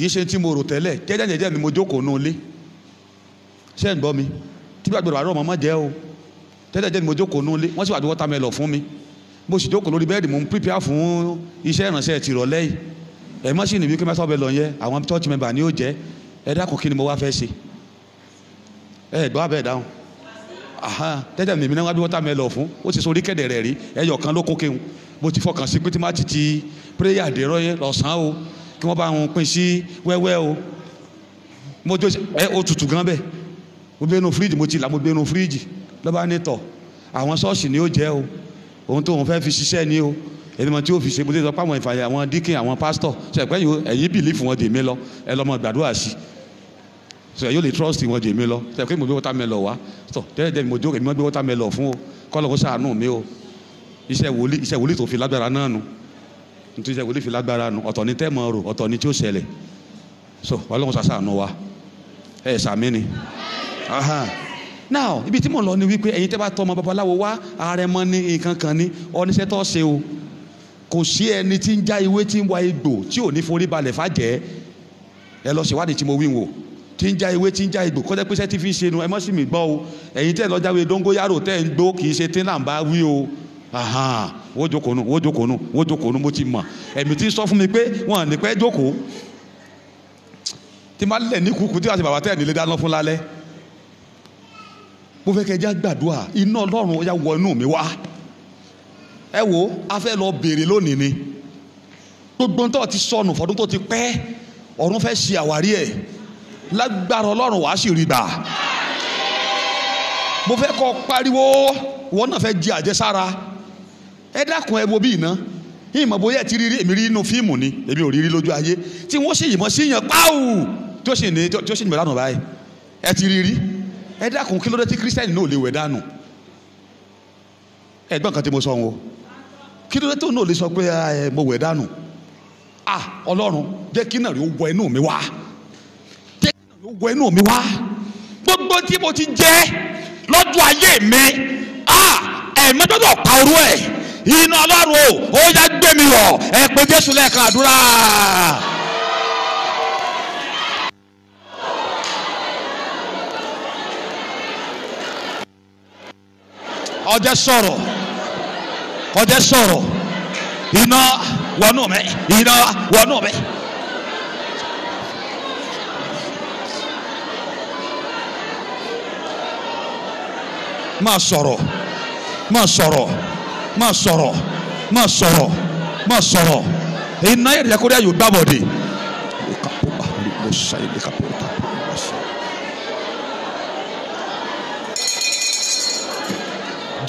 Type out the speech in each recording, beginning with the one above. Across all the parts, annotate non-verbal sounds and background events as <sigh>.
kì í ṣe tí mo rò tẹ́lẹ̀ jẹ́jẹ́jẹ́jẹ́ ni mo jókòó nù ilé ṣé ń gbọ́ mi tí gbàgbọ́dọ̀ àárọ̀ mọ́ jẹ́ o jẹ́jẹ́jẹ́ ni mo jókòó nù ilé wọ́n sì wà ní wọ́tàmẹ́lọ̀ fún mi mo sì jókòó lórí bẹ́ẹ̀dì mo ń prepare fún iṣẹ́ ìrànṣẹ́ ti rọ̀lẹ́ yìí ẹ̀ mọ́ sí ni wípé mẹ́sàn-án bẹ́ẹ̀ lọ yẹn àwọn church member ni ó jẹ́ ẹ dákun kí ni mo wá fẹ́ ṣe ẹ gbọ́ abẹ́ dáhùn tẹ́tẹ́ mi náà wá bí wọ́tàmẹ́lọ̀ fún ó ti sọ orí kẹ̀dẹ̀ rẹ̀ rí ẹyọ kan ló kó kéwọn mo ti fọkàn sí pé tí má ti ti prayer dèrò yẹn lọ́sàn-án o kí wọ́n bá wọn pín sí wẹ́wẹ́ o mo jó ẹ o tutù gan bẹ́ẹ̀ mo gbé inú fíríjì mo ti là mo gbé inú fíríjì lọ́ba ní tọ̀ àwọn ṣọ́ọ̀ṣì ni ó jẹ́ o ohun tó òun fẹ́ fi ṣiṣẹ́ ni o èmi mọ̀ tí ó fi ṣe mo ti sọ pé àwọn ìfàyà àwọn díkìn àwọn pásítọ̀ ṣe pé ẹ̀yìn bìlífù wọn dèmí lọ ẹ lọ́mọ gbàdúrà sí ṣe yóò lè trust wọn dèmí lọ ṣe pé mo gbé water melon wá tọ̀ tẹ́lẹ̀ tẹ́lẹ̀ mo jókè mi mo gbé water melon fún o kọ́ lọ́kọ́ ṣàánú mi o iṣẹ́ wòlíì iṣẹ́ wòlíì tó fi lágbára náà nù nítorí sẹ́ wòlíì fi lágbára nu ọ̀tọ̀ ni tẹ́ẹ̀mọ̀ rò ọ̀tọ̀ ni tí ó ṣẹlẹ̀ so ọlọ́run ṣàṣàánú wa ẹ̀ ṣàmì ni. now ibi tí mò ń lọ ni wípé ẹ̀yin tẹ́ bá tọ́ ọmọ babaláwo wá àrẹ̀mọ ni nǹkan kan ni oníṣẹ́ tó ṣe o kò sí ẹni tí ń já ewé tí ń wa egbò tí ò ní forí balẹ̀ fàjẹ́ ẹ lọ ṣèwádìí tí mo wí wò tí ń já ewé tí ń já egbò kọ́jẹ́ pé sẹ́tí ń ṣe ẹ mọ́ sí mi gbọ́ o ẹ̀yin tẹ́ lọ jáwé dóńgóyàrò tẹ́ ń gbó kì í ṣe tí náà ń bá wí o wọ́n jókòó nù wọ́n jókòó nù wọ́n jókòó nù mo ti mọ̀ ẹ̀mí ti sọ fún mi pé wọ́n ní pẹ́ jókòó tí máa lẹ̀ ní kúkú tí wàá ti bàbá tẹ̀ nílé dáná fún lálẹ́ mo fẹ́ kẹ́ já gbàdúrà iná ọlọ́run ó yá wọ inú mi wá ẹ wo a fẹ́ lọ béèrè lónìí ni gbogbo tó ti sọnù fọdún tó ti pẹ́ ọ̀run fẹ́ ṣe àwárí ẹ̀ lágbára ọlọ́run wàá sì rí gbà mo fẹ́ kọ́ pariwo wọn náà fẹ́ jẹ àjẹsára ẹ dákun ẹ wo bí iná ìmọ̀ bóyá ti rírí èmi rí inú fíìmù ni èmi ò rírí lójú ayé tí wọ́n sì yìnbọn sí yàn páwù tí ó sì ní tí ó sì ní ìbẹ̀rẹ̀ àná báyìí ẹ ti rírí ẹ dákun kí ló dé tí kírísítẹ́nì náà ò lè wẹ̀ dànù ẹgbọ́n kan tí mo sọ wọn o kí ló dé tó náà lè sọ pé ah, ẹ mo wẹ̀ dànù à ah, ọlọ́run jẹ́ kí náà rí ó wọ inú mi wá jẹ́ kí náà rí wọ inú mi wá gbogbo tí mo ti jẹ́ lọ́jọ́ ayé mi à ah, ẹ̀ẹ́mẹ́dọ́dọ̀ pa orú ẹ̀ iná ọlọ́run o ó yá gbé mi wọ̀ ẹ pé jésù lẹ́ẹ̀kan àdúrà. ọjẹ́ sọ̀rọ̀ ọjẹ́ sọ̀rọ̀ iná wọnú mi iná wọnú mi. máa sọ̀rọ̀ máa sọ̀rọ̀ má sọ̀rọ̀ má sọ̀rọ̀ má sọ̀rọ̀ iná yẹ̀rẹ̀ kó dé ayò gbàbọ̀dé.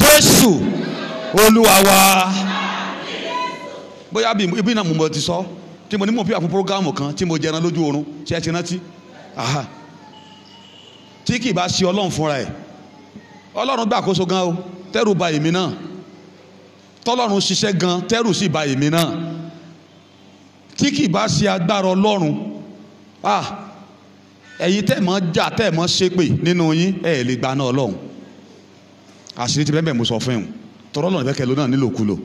jésù olúwa wa bóyá ibi náà mo mọ̀ ti sọ tí mo ní mọ̀ bí àfún programu kan tí mo jẹran lójú oorun ṣe ti rántí tí kì í bá ṣe ọlọ́run fúnra ẹ̀ ọlọ́run gbàkóso gan o tẹ́rù ba èmi náà tọ́lọ́run ṣiṣẹ́ gan tẹ́rù sì bà èmi náà tí kì bá ṣe agbára ọlọ́run ah ẹ̀yin tẹ́ mọ́ jà tẹ́ mọ́ ṣépè nínú yín ẹ̀ lè gba náà ọlọ́run àṣírí ti bẹ́ẹ̀ mo sọ fún un tọ́rọ́ náà ìbẹ́kẹ̀ ló náà nílòkulò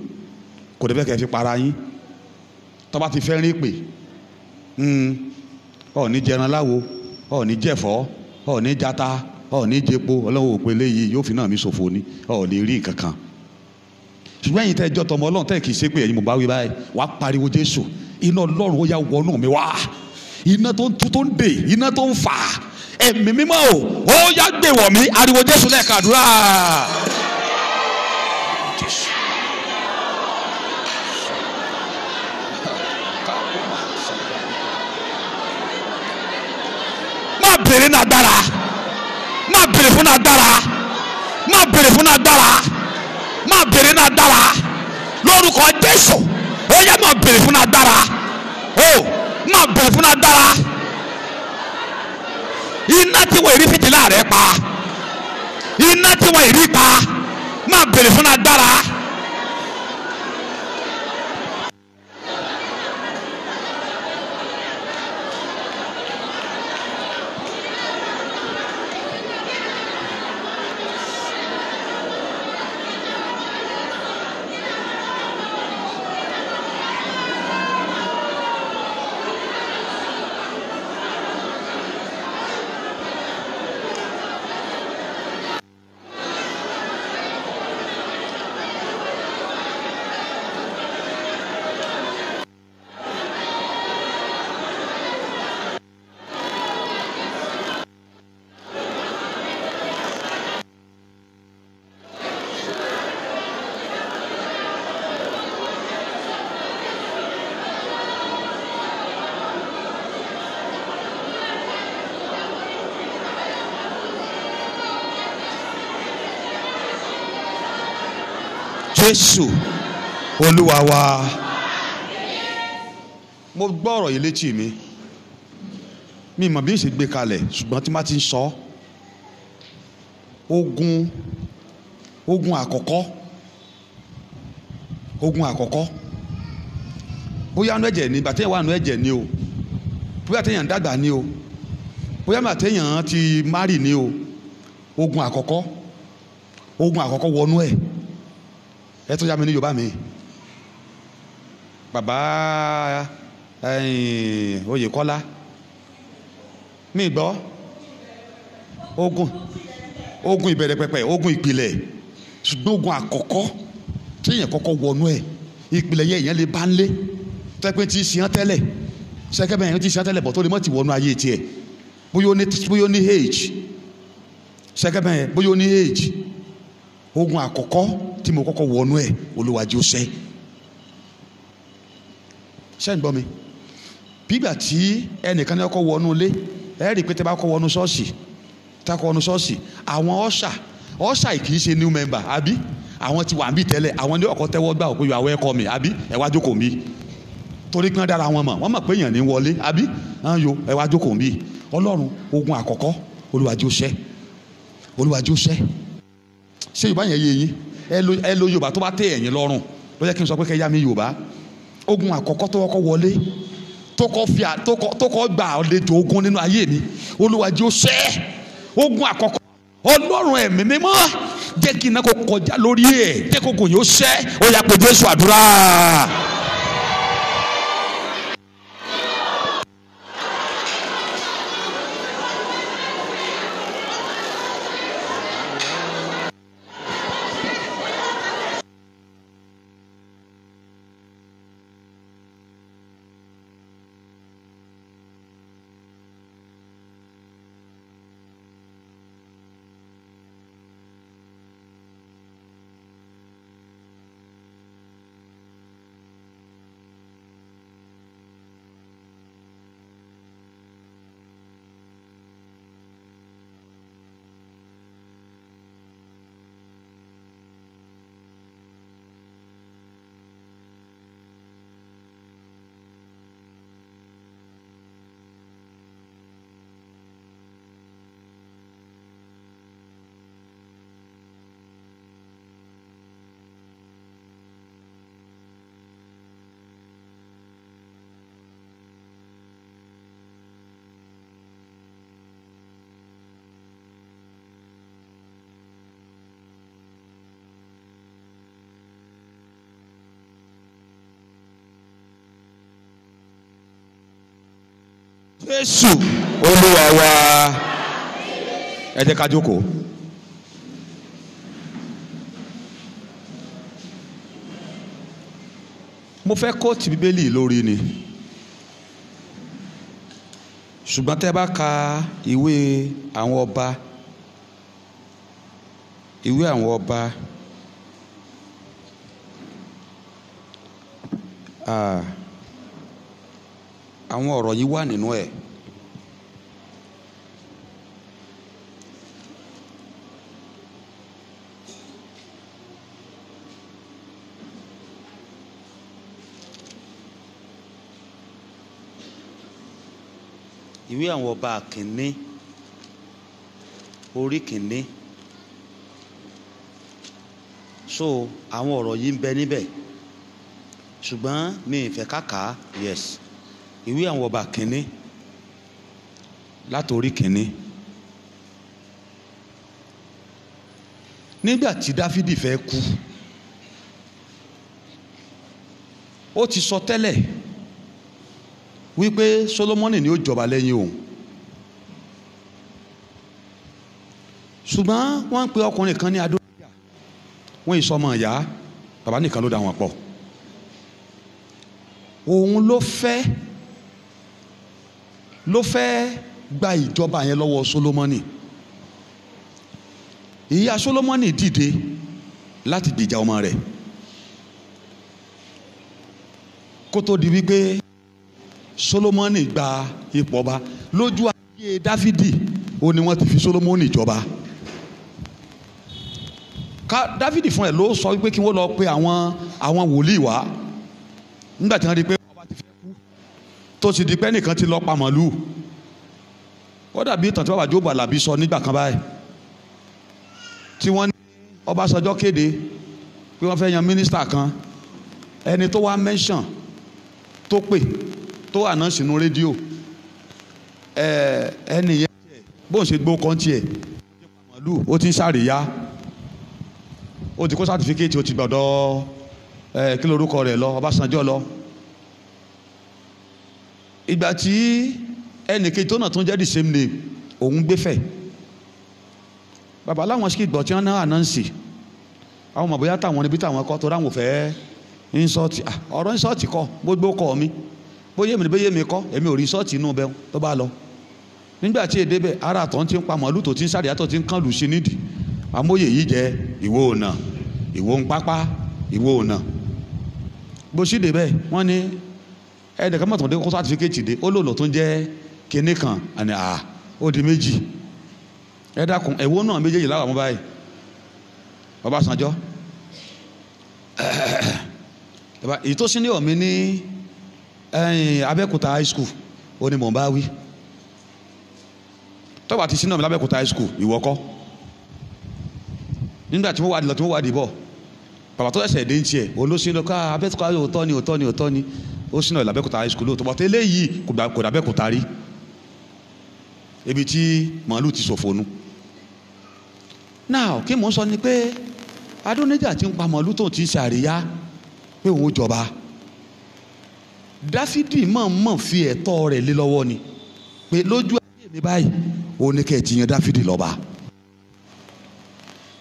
kò dé bẹ́ẹ̀ kẹ́ fi para yín tó bá ti fẹ́ rí pè hmm, ọ̀ ní jẹran láwo ọ̀ ní jẹ̀fọ́ ọ̀ ní jata ọ̀ ní jẹpo ọlọ́run òpè léyìí yóò fi náà mi ṣòfò ni ọ̀ lè rí nǹkan kan ṣùgbọ́n ẹ̀yin tẹ́ ẹ jọ tọmọ ọlọ́run tẹ́ ẹ kì í ṣe pé ẹ̀yin mo bá wí báyìí wàá pariwo jésù iná ọlọ́run ó yá wọnú mi wá iná tó ń tu tó ń dè iná tó ń fà ẹ̀mí mímọ́ o ó yá gbé wọ̀ mí ariwo jésù lẹ́ẹ̀ka má bèrè fún agbára má bèrè fún agbára má bèrè fún agbára. jésù ó yẹ máa bèrè fún agbára ó máa bèrè fún agbára iná tí wọ́n èrí fìdílà rẹ̀ pa iná tí wọ́n èrí pa máa bèrè fún agbára. jésù olúwa wa mo gbọ́ ọ̀rọ̀ yìí létí mi mi mọ̀ bí n ṣe gbé kalẹ̀ ṣùgbọ́n tí má ti ń sọ ogun ogun àkọ́kọ́ ogun àkọ́kọ́ bóyá nu ẹ̀jẹ̀ ni bàtẹ́yìn wà nu ẹ̀jẹ̀ ni o bóyá tẹ̀yàn dàgbà ni o bóyá bàtẹ́yìn ti mari ni o ogun àkọ́kọ́ ogun àkọ́kọ́ wọnú ẹ̀ ẹ tún yá mi ní yorùbá mi bàbá oyèkọ́lá mi gbọ́ ogun ogun ìbẹ̀rẹ̀ pẹ̀pẹ̀ ogun ìpìlẹ̀ ṣùgbọ́n ogun àkọ́kọ́ tí èèyàn kọ́kọ́ wọnú ẹ̀ ìpìlẹ̀ yẹn èèyàn lè bá ń lé tẹ́pẹ́ tí ìsìn án tẹ́lẹ̀ sẹ́kẹ́ bẹ́ẹ̀ yẹn tí ìsìn án tẹ́lẹ̀ bọ̀ tó lè mọ̀ ti wọnú ayé tiẹ̀ bóyá ó ní age sẹ́kẹ́ bẹ́ẹ̀ bóyá ó ní age ogun àkọ́kọ́ tí mo kọ́kọ́ wọnú ẹ̀ olùwàjì ọ̀sẹ̀ sẹ́yìn gbọ́ mi bígbà tí ẹnìkan ní ọkọ̀ wọnú ilé ẹ rí i pé bá kọ́ wọnú ṣọ́ọ̀ṣì tá a kọ́ wọnú ṣọ́ọ̀ṣì àwọn ọ̀ṣà ọ̀ṣà kì í ṣe new member abi àwọn ti wà ń bí tẹ́lẹ̀ àwọn ní ọkọ̀ tẹ́wọ́ gbà òpin ìwà ẹ̀kọ́ mi àbí ẹ wá jókòó mi torí kí wọ́n dára wọn mọ̀ wọ́n mọ̀ pé èèyàn ní wọlé àbí ẹ̀hán yo ẹ wá mi ọlọ́run ogun àkọ́kọ́ olùwàjì ọ̀sẹ̀ olùwàjì ọ̀sẹ̀ ṣé yorùbá yẹn yé yín ẹ lo yorùbá tó bá tẹ́ ẹ̀yin lọ́rùn ló yẹ kí n sọ pé kẹ́ yá mi yorùbá ogun àkọ́kọ́ tó kọ́kọ́ wọlé tó kọ́ gbà àlejò ogun nínú ayé mi olúwa jẹ́ ó ṣẹ́ ogun àkọ́kọ́ ọlọ́run ẹ̀mí mímọ́ jẹ́ kí iná kó kọjá lórí ẹ̀ jẹ́ kó gùn yóò ṣẹ́ ó yá pé jésù àdúrà. jésù olúwa wa ẹ jẹ́ ká jókòó. mo fẹ́ kóòtù bíbélì lórí ni ṣùgbọ́n tẹ́ bá ka ìwé àwọn ọba ìwé àwọn ọba àwọn ọ̀rọ̀ yìí wà nínú ẹ̀. E. ìwé àwọn ọba kìíní orí kìíní so àwọn ọ̀rọ̀ yìí ń bẹ níbẹ̀ ṣùgbọ́n mi ì fẹ́ kàkà yes ìwé àwọn ọba kìíní látòrí kìíní nígbà tí dáfídì fẹ́ kú ó ti sọ tẹ́lẹ̀. So wípé Solomoni ni ó jọba lẹ́yìn òun ṣùgbọ́n wọ́n ń pe ọkùnrin kan ní adóníyà wọ́n yìí sọmọ ìyá bàbá nìkan ló dà wọ́n pọ̀ òun ló fẹ́ ló fẹ́ gba ìjọba yẹn lọ́wọ́ Solomoni ìyá Solomoni dìde láti gbèjà ọmọ rẹ̀ kó tó di wípé solomoni gba ipò ọba lójú ayé dáfídì ó ní wọ́n ti fi solomoni jọba ká dáfídì fún ẹ ló sọ wípé kí wọ́n lọ pe àwọn àwọn wòlíì wá nígbà tí wọ́n rí i pé ọba ti fẹ́ kú tó sì di pé ẹnìkan ti lọ pa màlúù ó dàbí ìtàn tí bàbá jóòbù alábí sọ nígbà kan báyìí tí wọ́n ní ọbásanjọ́ kéde pé wọ́n fẹ́ yan mínísítà kan ẹni tó wá mẹ́ńsàn tó pè tó àná sínú rédíò ẹnìyẹn bó ń ṣe gbó kọ́ńtì ẹ̀ màálù ó ti ń ṣàríyá ó ti kó sátífíkẹ́tì ó ti gbọ́dọ̀ ẹ̀ kí lorúkọ rẹ̀ lọ Ọbásanjọ́ lọ ìgbà tí ẹnìkejì tó náà tún jẹ́ the same name òun gbé fẹ̀ bàbá aláwọn sì gbọ́ tí wọ́n náà ànáǹsì àwọn màbóyá táwọn níbi táwọn kọ́ tó ráwọn fẹ́ ń sọ́ọ̀tì ah, ọ̀rọ̀ ń sọ́ọ̀tì kọ́ gbogbo kọ́ mi bóyá èmi bóyá èmi kọ́ èmi ò rí sọ́ọ̀tì inú bẹ́ẹ̀ tó bá lọ nígbà tí èdè bẹ̀ ara àtọ̀ ti ń pa màálù tó ti ń sáré àtọ̀ ti ń kàn lù sí nídìí amóye yìí jẹ́ ìwọ ọ̀nà ìwọ ń pápá ìwọ ọ̀nà bó sì dé bẹ́ẹ̀ wọ́n ní ẹ̀ẹ́dẹ̀ká mọ̀tàn dé kó sátifíkẹ́tì dé ó lòlò tó ń jẹ́ kinní kan àní à ó di méjì ẹ dákun ẹ̀wọ́ náà méjèèjì láwọn àwọn báyìí Ọbásanjọ́ ọ̀mí ní abẹ́kúta high school ó ní mò ń bá wí tọ́ba ti sínú mi lábẹ́kúta high school ìwọ kọ́ nígbà tí mo wà dìlọ tí mo wà dìbọ̀ bàbá tó ṣẹ̀ṣẹ̀ dé ń tiẹ̀ olóṣèlú ká abẹ́kúta òótọ́ ni òótọ́ ni òótọ́ ni ó sínú ìlàbẹ́kúta high school lóòótọ́ bọ́tẹ́ eléyìí kò dàbẹ́kúta rí ibi tí màálù ti ṣòfò nu now kí mò ń sọ ni pé adónijà ti ń pa màálù tó ti ń ṣe àríyá pé òun jọba dáfídì mọ̀ọ́mọ̀ fi ẹ̀tọ́ rẹ̀ lé lọ́wọ́ ni pé lójú ayé mi báyìí ó ní kẹ́ ẹ̀ ti yan dáfídì lọ́ba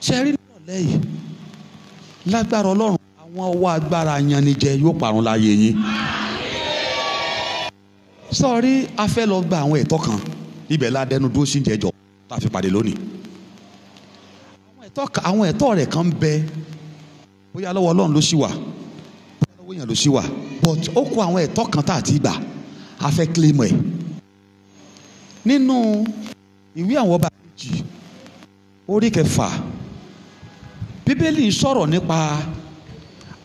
ṣẹ́rí náà lẹ́yìn lágbára ọlọ́run àwọn ọwọ́ agbára ayanijẹ yóò parun láyé yín sọrí a fẹ́ lọ gba àwọn ẹ̀tọ́ kan ibẹ̀ la dúró sí ìjẹ́jọ́ tá a fi pàdé lónìí àwọn ẹ̀tọ́ rẹ̀ kan bẹ bóyá lọ́wọ́ ọlọ́run ló ṣì wà bóyá lọ́wọ́ èèyàn ló ṣì wà but ó kó àwọn ẹ̀tọ́ kan tá a ti gbà a fẹ́ claim ẹ̀ nínú ìwé àwọn ọba kejì orí kẹfà bíbélì ń sọ̀rọ̀ nípa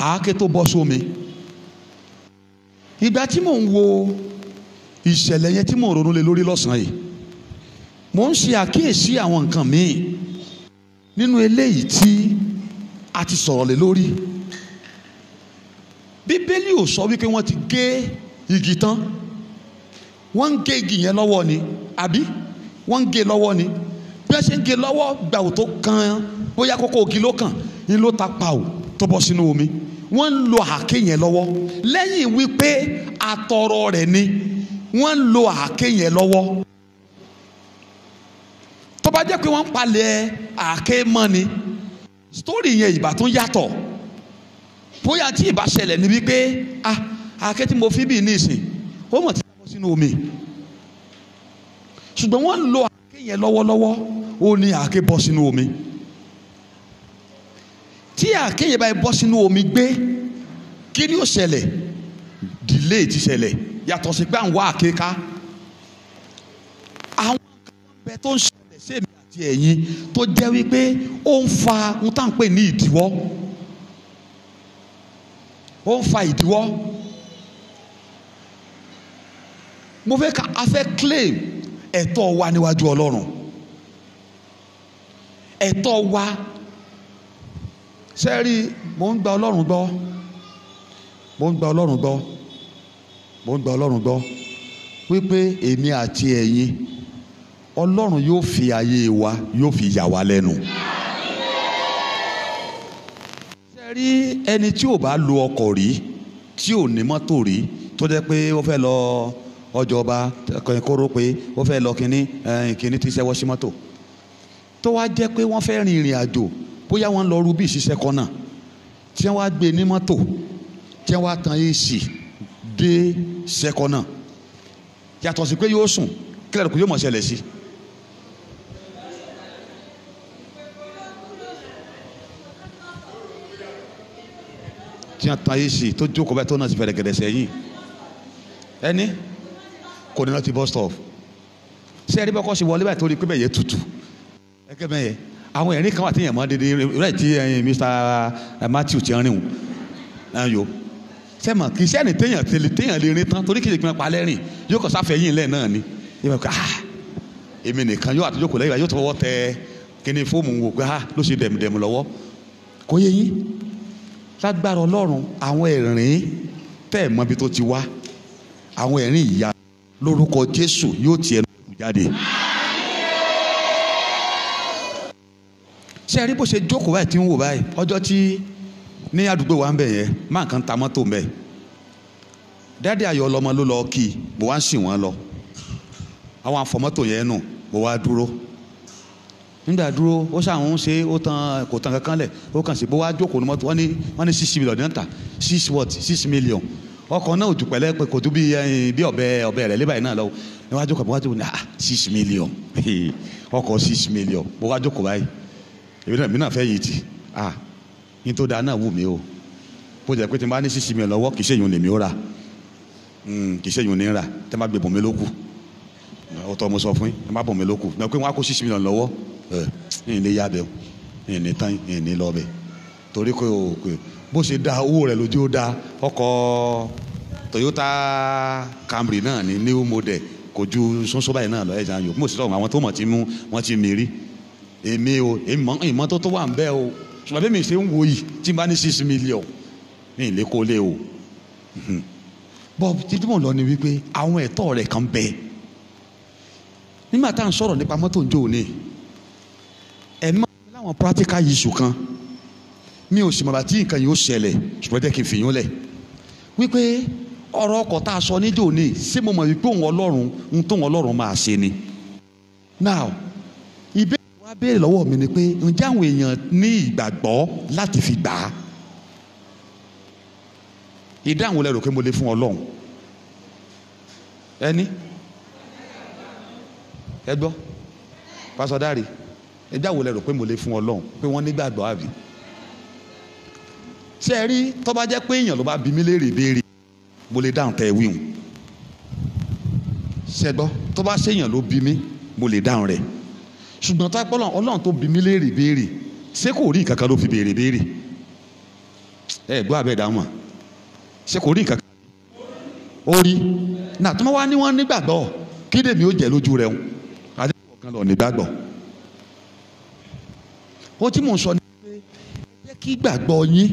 àáké tó bọ́ sómi ìgbà tí mò ń wo ìṣẹ̀lẹ̀ yẹn tí mò ń ronú lé lórí lọ́sàn-án yìí mò ń ṣe àkíyèsí àwọn nǹkan míì nínú eléyìí tí a ti sọ̀rọ̀ lé lórí bíbélì ò sọ wípé wọ́n ti gé igi tán wọ́n ń gé igi yẹn lọ́wọ́ ni àbí wọ́n ń gé lọ́wọ́ ni bí wọ́n ṣe ń gé lọ́wọ́ gbàù tó kan bóyá kókó ògì ló kàn ni ló ta pa ò tó bọ́ sínú omi wọ́n ń lo àáké yẹn lọ́wọ́ lẹ́yìn wípé atọrọ rẹ̀ ni wọ́n ń lo àáké yẹn lọ́wọ́ tó bá jẹ́ pé wọ́n ń palẹ̀ àáké mọ́ ni sítórì yẹn ìbá tún bóyá tí ìbá ṣẹlẹ̀ ni wípé ah àáké tí mo fi bí ní ìsìn ó mọ̀ tí wọ́n sínú omi ṣùgbọ́n wọ́n lo àáké yẹn lọ́wọ́lọ́wọ́ ó ní àáké bọ́ sínú omi tí àáké yẹn báyìí bọ́ sínú omi gbé kí ni ó ṣẹlẹ̀ delay ti ṣẹlẹ̀ yàtọ̀ sí pé à ń wá àáké ká àwọn kan tó ń ṣẹlẹ̀ sí èmi àti ẹ̀yin tó jẹ́ wípé ó ń fa ohun tá à ń pè ní ìdíwọ́ ó ń fa ìdíwọ́ mo fẹ́ ka a claim ẹ̀tọ́ wa níwájú ọlọ́run ẹ̀tọ́ wa sẹ́rí mo ń gba ọlọ́run gbọ́ mo ń gba ọlọ́run gbọ́ mo ń gba ọlọ́run gbọ́ wípé èmi àti ẹ̀yin ọlọ́run yóò fi ayé wa yóò fi yà wá lẹ́nu. Yeah rí ẹni tí ò bá lo ọkọ̀ rí tí ò ní mọ́tò rí tó jẹ́ pé ó fẹ́ lọ ọjọba kóró pé ó fẹ́ lọ kínní kínní ti ṣẹ́wọ́ sí mọ́tò tó wá jẹ́ pé wọ́n fẹ́ rin ìrìn àjò bóyá wọ́n lọ rú bí ìṣiṣẹ́ kan náà tí wọ́n wá gbé ní mọ́tò tí wọ́n wá tan èsì dé ṣẹ́kọ̀ náà yàtọ̀ sí pé yóò sùn kílẹ̀ kò yóò mọ̀ ṣẹlẹ̀ sí i. tí wọ́n ta yìí sí tó jókòó bẹ́ẹ̀ tó náà sì fẹ̀rẹ̀ gẹ̀dẹ̀ sẹ́yìn ẹni kò ní lọ ti bus stop ṣé ẹni bọ́kọ́ ṣe wọlé báyìí torí pé bẹ́ẹ̀ yẹ tutù ẹgẹ́ bẹ́ẹ̀ yẹ àwọn ẹ̀rín kan wà tí yẹn mọ́ dédé rẹ̀ eh, Mr eh, Matthew ti rìn wò sẹ́mọ̀ ni í ṣe ẹni téèyàn téèyàn lè rin tán torí kì í ṣe kí wọ́n palẹ́ rìn yóò kọ́ sáfẹ́yìn lẹ́ẹ̀ náà ni yóò kọ́ ah èmi nìkan yóò àtúnjókòó lẹ́yìn yóò tọwọ́ tẹ kíni fóòmù wò pé ah ló ṣe dẹ̀mùdẹ̀mù lọ́wọ́ kò yé yín lágbára ọlọ́run àwọn ẹ̀rín tẹ́ ẹ̀ mọ́bi tó ti wá àwọn ẹ̀rín ìyá lórúkọ jésù yóò ti ẹnu kù jáde. ṣé ẹ rí bó ṣe jókòó báyìí tí ń wò báyìí ọjọ́ tí ní àdúgbò wa ń bẹ̀ yẹn máa kàn ta mọ́tò ń bẹ̀ dáàdi ayọ̀ ọlọmọ ló lọ kí mo wá ń sìn wọ́n lọ àwọn afọmọ́tò yẹn nù mo wá dúró nígbà dúró ó ṣàwọn ṣe ó tan kò tan kankan lẹ̀ ó kàn sí bó wá jókòó ní mọ́tò wọ́n ní wọ́n ní six million ní wọ́n ta six what six million ọkọ̀ náà ò jù pẹ̀lẹ́ pé kò tún bí bí ọ̀bẹ ọ̀bẹ rẹ̀ lébàáyé náà lọ́wọ́ ní wọ́n á jókòó bó wá jókòó ní ah six million <laughs> ọkọ̀ six million bó wá jókòó báyìí èmi náà fẹ́ yìí ti ah ní tó dáa náà wù mí o bó jẹ́ pé tí n bá ní six million lọ́wọ́ kì í ṣèyún lèmi ó ra hmm, kì í ṣèyún ní ra tẹ́ má gbé bùnmi lókù ọ̀tọ̀ mo sọ fún yín ẹ má bọ̀ mí lóko ẹ pé wọn á kó six million lọ́wọ́ ẹ ẹ ní yábẹ o ẹ ní tán ẹ ní lọ́bẹ̀ torí pé o pé bó ṣe da owó rẹ lójú ó da ọkọ̀ Toyota Camry náà ní new model kò ju sọ́nsọ́ báyìí náà lọ ẹ̀jẹ̀ àyò mo sì sọ àwọn tó mọ̀ tí mú wọ́n ti mìírí èmi o ìmọ̀ tó tó wà ń bẹ́ o ṣùgbọ́n bí mi ṣe ń wo yìí tí n bá ní six million ní ìlékólé o bọ́ títí mò ń lọ ni wípé àwọn ẹ̀tọ́ rẹ̀ kan bẹ́ẹ̀ nígbà tá à ń sọ̀rọ̀ nípa mọ́tò njó ni ẹ̀mí máa ń láwọn practical issue kan mi ò sì mọ̀ bàtí nǹkan yìí ó ṣẹlẹ̀ ṣùgbọ́n jẹ́ kí n fi yín lẹ̀ wípé ọ̀rọ̀ ọkọ̀ tá a sọ níjó ni ṣé mo mọ̀ wípé òun ọlọ́run ń tóun ọlọ́run máa ṣe ni. now ìbéèrè wa béèrè lọ́wọ́ mi ni pé ǹjẹ́ àwọn èèyàn ní ìgbàgbọ́ láti fi gbà á ìdáhùn lẹ́rù pé mo lè fún ọlọ́run ẹni. Eh, ẹ gbọ́ pásọ dáre ẹgbẹ́ àwòlẹ̀ rò pé mo lè fún ọlọ́run pé wọ́n nígbàgbọ́ àbí ṣe rí tó bá jẹ́ pé èèyàn ló bá bí mi léèrè béèrè mo lè dáhùn tẹ́ ẹ wíhùn ṣe gbọ́ tó bá ṣèèyàn ló bí mi mo lè dáhùn rẹ̀ ṣùgbọ́n tó bá pọ́ ọlọ́run tó bí mi léèrè béèrè ṣé kò rí nǹkan ló fi béèrè béèrè ẹ gbọ́ abẹ́ ìdáhùn mà ṣé kò rí nǹkan ó rí nà wá ní wọ́n nígbàgbọ́ kí kan lọ nígbàgbọ́ ohun tí mò ń sọ ni pé ẹ jẹ́ kí ìgbàgbọ́ yín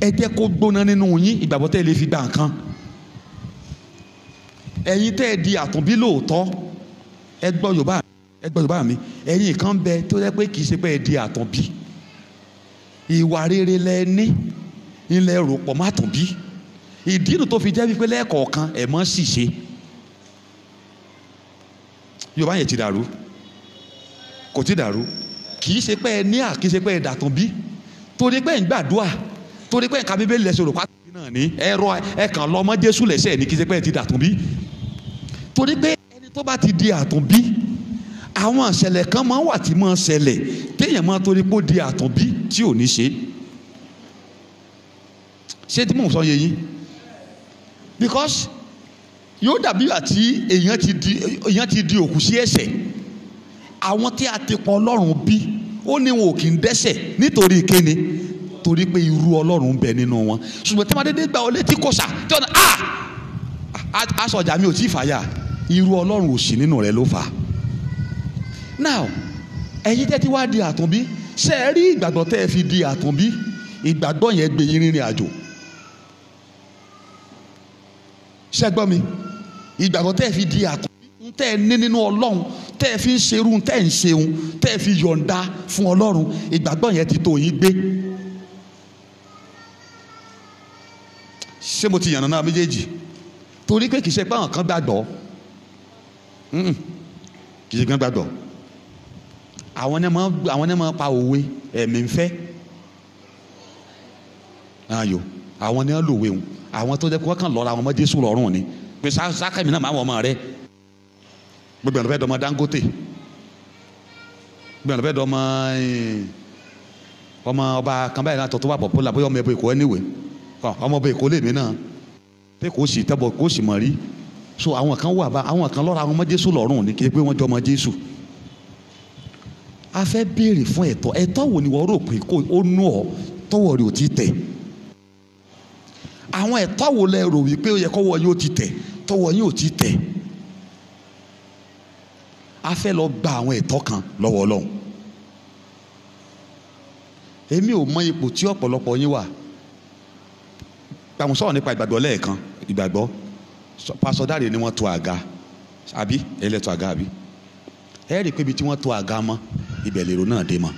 ẹ jẹ́ kó gbóná nínú yín ìgbàgbọ́ tẹ́ lè fi gbà nǹkan ẹ̀yin tẹ́ ẹ di àtúnbí lóòótọ́ ẹ gbọ́ yorùbá ẹ gbọ́ yorùbá mi ẹ̀yin kan bẹ tó yẹ pé kì í ṣe pé ẹ di àtúnbí ìwà rere lẹ ní ilẹ̀ rò pọ̀ má àtúnbí ìdí inú tó fi jẹ́ wípé lẹ́ẹ̀kọ̀ọ̀kan ẹ̀ mọ́ sì ṣe yorùbá yẹn ti dàrú kò tí dàrú kì í ṣe pé ẹ ní à kì í ṣe pé ẹ dàtún bí torí pé ẹ ń gbàdúrà torí pé ẹ ń ka bíbélì lẹ́sẹ̀ rò pátá náà ní ẹ rọ ẹ kàn lọ ọmọ Jésù lẹ́sẹ̀ ní kì í ṣe pé ẹ ti dàtún bí torí pé ẹni tó bá ti di àtún bí àwọn ìṣẹ̀lẹ̀ kan máa wà tí máa ṣẹlẹ̀ téèyàn máa torí pé ó di àtún bí tí ò ní ṣe ṣé tí mò ń sọ yẹ yín because yóò dàbí àti èèyàn ti di èèyàn ti di òkú sí ẹ̀ṣẹ̀ àwọn tí a ti pọ̀ ọlọ́run bí ó ní wọn ò kì í dẹ́ṣẹ̀ nítorí kíni torí pé irú ọlọ́run ń bẹ nínú wọn ṣùgbọ́n tí wọ́n dédé gba ọ létí kọ̀ṣà tí wọ́n ah! a aṣọ ọjà mi ò tí ì fàyà irú ọlọ́run ò sí nínú rẹ ló fà now ẹ̀yin tẹ́ ti wá di àtúnbí ṣe é rí ìgbàgbọ́ tẹ́ ẹ fi di àtúnbí ìgbàgbọ́ yẹn gbé yín rìnrìn àjò ṣe mi ìgbàgbọ́ tẹ́ ẹ fi di àtúnbí tẹ́ ẹ ní nínú ọlọ́run tẹ́ ẹ fi ń ṣerú tẹ́ ẹ ń ṣeun tẹ́ ẹ fi yọ̀ǹda fún ọlọ́run ìgbàgbọ́ yẹn ti tó yín gbé. ṣé mo ti yànnà náà méjèèjì torí pé kì í ṣe pé àwọn kan gbàgbọ́ kì í ṣe pé wọ́n gbàgbọ́ àwọn náà máa àwọn náà máa pa òwe ẹ̀mí ń fẹ́ ayò àwọn náà lòwe wọn àwọn tó jẹ́ pé wọ́n kàn lọ́ra àwọn ọmọ Jésù lọ́rùn ni pé sákàmì náà máa wọ̀ ọmọ rẹ̀ gbogbo ìrànlọ́fẹ́ dọ́mọ Dangote gbogbo ìrànlọ́fẹ́ dọ́mọ eh, ọmọ ọba kan báyìí látọ̀ tó wà pọ̀pọ̀ la bóyá ọmọ ẹ̀bọ Èkó anyway ah, ọmọ ẹ̀bọ Èkó lèmi náà pé kò sì tẹ́bọ̀ kò sì mọ̀ rí so àwọn kan wà bá àwọn kan lọ́ra àwọn ọmọ Jésù lọ́rùn ní kí pé wọ́n jọ ọmọ Jésù a fẹ́ béèrè fún ẹ̀tọ́ ẹ̀tọ́ wo ni wọ́n pé kó o nú ọ tọwọ́ rẹ ò ti tẹ̀ àwọn ẹ̀tọ́ wo lẹ rò wípé ó yẹ a fẹ́ lọ gba àwọn ẹ̀tọ́ kan lọ́wọ́ ọlọ́run èmi ò mọ ipò tí ọ̀pọ̀lọpọ̀ yín wà gbàmù sọ̀rọ̀ nípa ìgbàgbọ́ lẹ́ẹ̀kan ìgbàgbọ́ pásọ dáre ni wọ́n to àga àbí ẹlẹ́tọ àga àbí ẹ rí i pé ibi tí wọ́n to àga mọ́ ibẹ̀ lèrò náà dé mọ́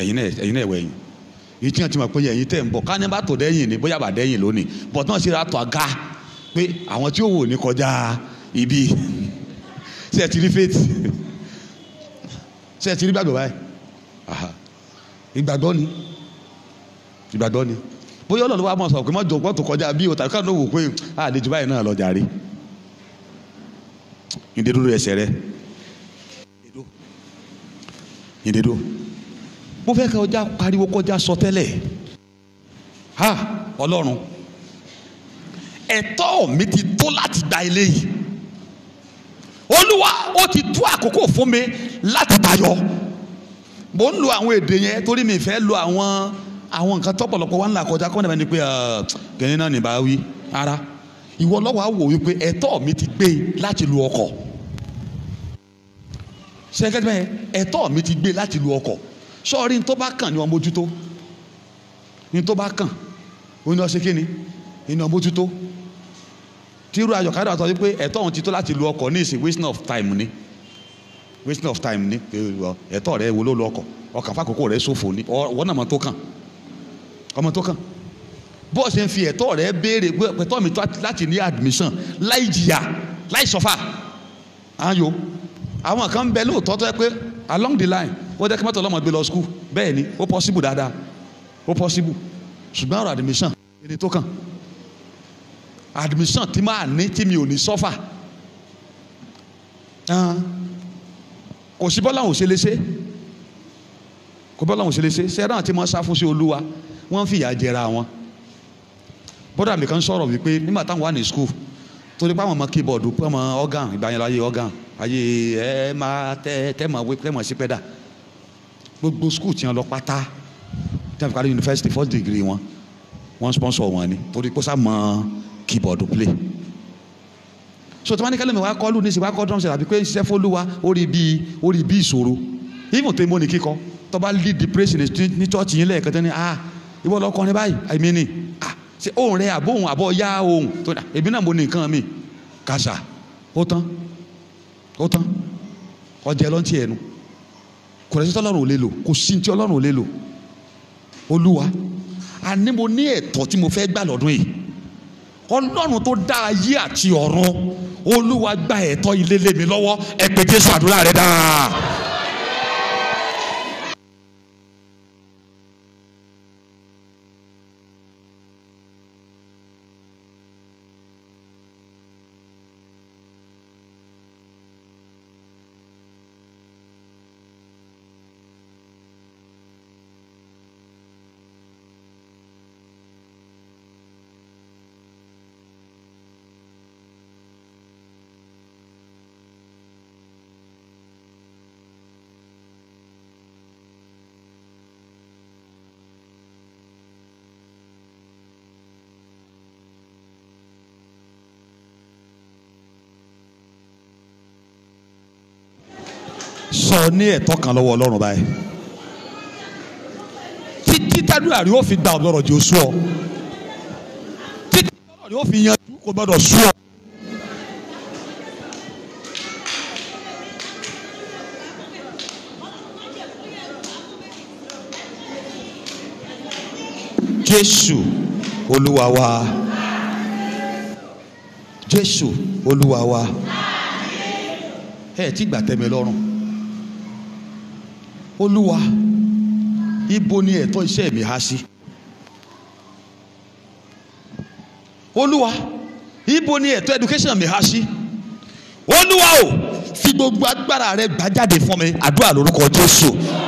ẹ̀yin náà ẹ̀yin náà ẹ̀wẹ̀ ẹ̀yin yìí tí wọ́n ti mọ̀ pé ẹ̀yin tẹ̀ ń bọ̀ káni bá tò dẹ́yìn ni bóyá bà dẹ́yìn lónìí bọ̀tán sì ra to àga pé àwọn tí ó wò ní kọjá ibi ṣe ẹ ti rí faith ṣe ẹ ti rí gbàgbọ́ báyìí ìgbàgbọ́ ni ìgbàgbọ́ ni bóyá ọlọ́run wa mọ̀ sọ pé mọ̀ jọ̀gbọ́n tó kọjá bí o tàbí káàdùn òwò pé àlejò báyìí náà lọ jàre ìdédúró ẹsẹ̀ rẹ ìdédó mo fẹ́ kẹ́ ọjà pariwo kọjá sọ tẹ́lẹ̀ ha ọlọ́run ẹ̀tọ́ mi ti tó láti gba eléyìí olúwa ó ti tú àkókò fún mi láti tayọ mo ń lo àwọn èdè yẹn torí mi fẹ́ lo àwọn àwọn nǹkan tọ́pọ̀lọpọ̀ wa ń là kọjá kọ́ńdà bẹ́ẹ̀ ni pé kẹ́ni náà ní wí ara ìwọ lọ́wọ́ á wò wípé ẹ̀tọ́ mi ti gbé láti lu ọkọ̀ sẹ́kẹ́tìmẹ́ ẹ̀tọ́ mi ti gbé láti lu ọkọ̀ sọ́ọ́rí ní tó bá kàn ní ọmọ ojútó ní tó bá kàn ó ní ọ ṣe kí ni ní ọmọ ojútó tíru ayọ̀kadà sọ wípé ẹ̀tọ́ òun ti tó láti lu ọkọ̀ ní ìsìn waste of time ni waste of time ni ẹ̀tọ́ rẹ wo ló lu ọkọ̀ ọkàn fàkókò rẹ ṣòfò ni wọ́n náà mọ̀ tó kàn ọmọ tó kàn bọ́ọ̀sì ń fi ẹ̀tọ́ rẹ béèrè pẹ̀tọ́ mi láti ní admission láì jìyà láì sọ́fà ayò àwọn kan ń bẹ lóòótọ́ tó yẹ pé along the line wọ́n jẹ́ kí mọ́tò ọlọ́mọ gbé lọ school bẹ́ẹ̀ ni ó possible dáadáa ó possible ṣùgbọ́n ọ̀rọ̀ admission ẹni tó kàn admission tí máa ní tí mi ò ní sọ́fà kò sí bọ́lá òun ṣe léṣe kò bọ́lá òun ṣe léṣe sẹ́dáhùn tí wọ́n sá fún sí olúwa wọ́n fìyà jẹra wọn bọ́dà mi kan sọ̀rọ̀ wípé nígbà táwọn wà ní school torí pé àwọn ọmọ keyboard pé ọmọ organ ìgbàyànláyé organ ayé ẹ máa tẹ tẹmọ wípé tẹmọ sí pẹ́dà gbogbo school tiẹ̀ lọ pátá tẹ́fù kárí university first degree wọn wọ́n sponsor wọn ni torí pé ó sá mọ́ ọ keyboard play so tí wọ́n ní kẹ́lẹ́mi wá kọ́ lù ní ìsìn wá kọ́ drum set àbí pé iṣẹ́ fólúwa ó rí bí ó rí bí ìṣòro even tó ń bọ́ ní kíkọ́ tó bá lead the praise ní church yín lẹ́ẹ̀kan tó ní ah ìwọ lọ kọrin báyìí àìmí ni ah ṣe òun rẹ àbó òun àbọ̀ yá òun tó dà èmi náà mo ní nǹkan mi kàṣà ó tán ó tán ọjà ẹlọ́ntì ẹnu kò lẹ́sìn tí ọlọ́run ò lè lò kò sí tí ọlọ́run ò lè lò olúwa àní mo ní ẹ̀tọ́ tí mo fẹ́ gbà lọ́dún yìí ọlọ́run tó dá ayé àti ọ̀run olúwa gba ẹ̀tọ́ ilé lé mi lọ́wọ́ ẹ pé jésù àdúrà rẹ dáa. tó ní ẹ̀tọ́ kan lọ́wọ́ ọlọ́run báyìí títí tádùúrà rí ó fi gba ọ̀dọ́rọ̀ jẹ́ oṣù ọ títí tádùúrà rí ó fi yanjú kò gbọ́dọ̀ sú ọ. Jésù olúwa Jésù olúwa ẹ ti gbà tẹ́mi lọ́rùn olúwa ibo ni ẹ̀tọ́ iṣẹ́ mi há sí olúwa ibo ni ẹ̀tọ́ education mi há sí olúwa o fi gbogbo agbára rẹ gbà jáde fún mi àdúrà lórúkọ jésù. Yeah.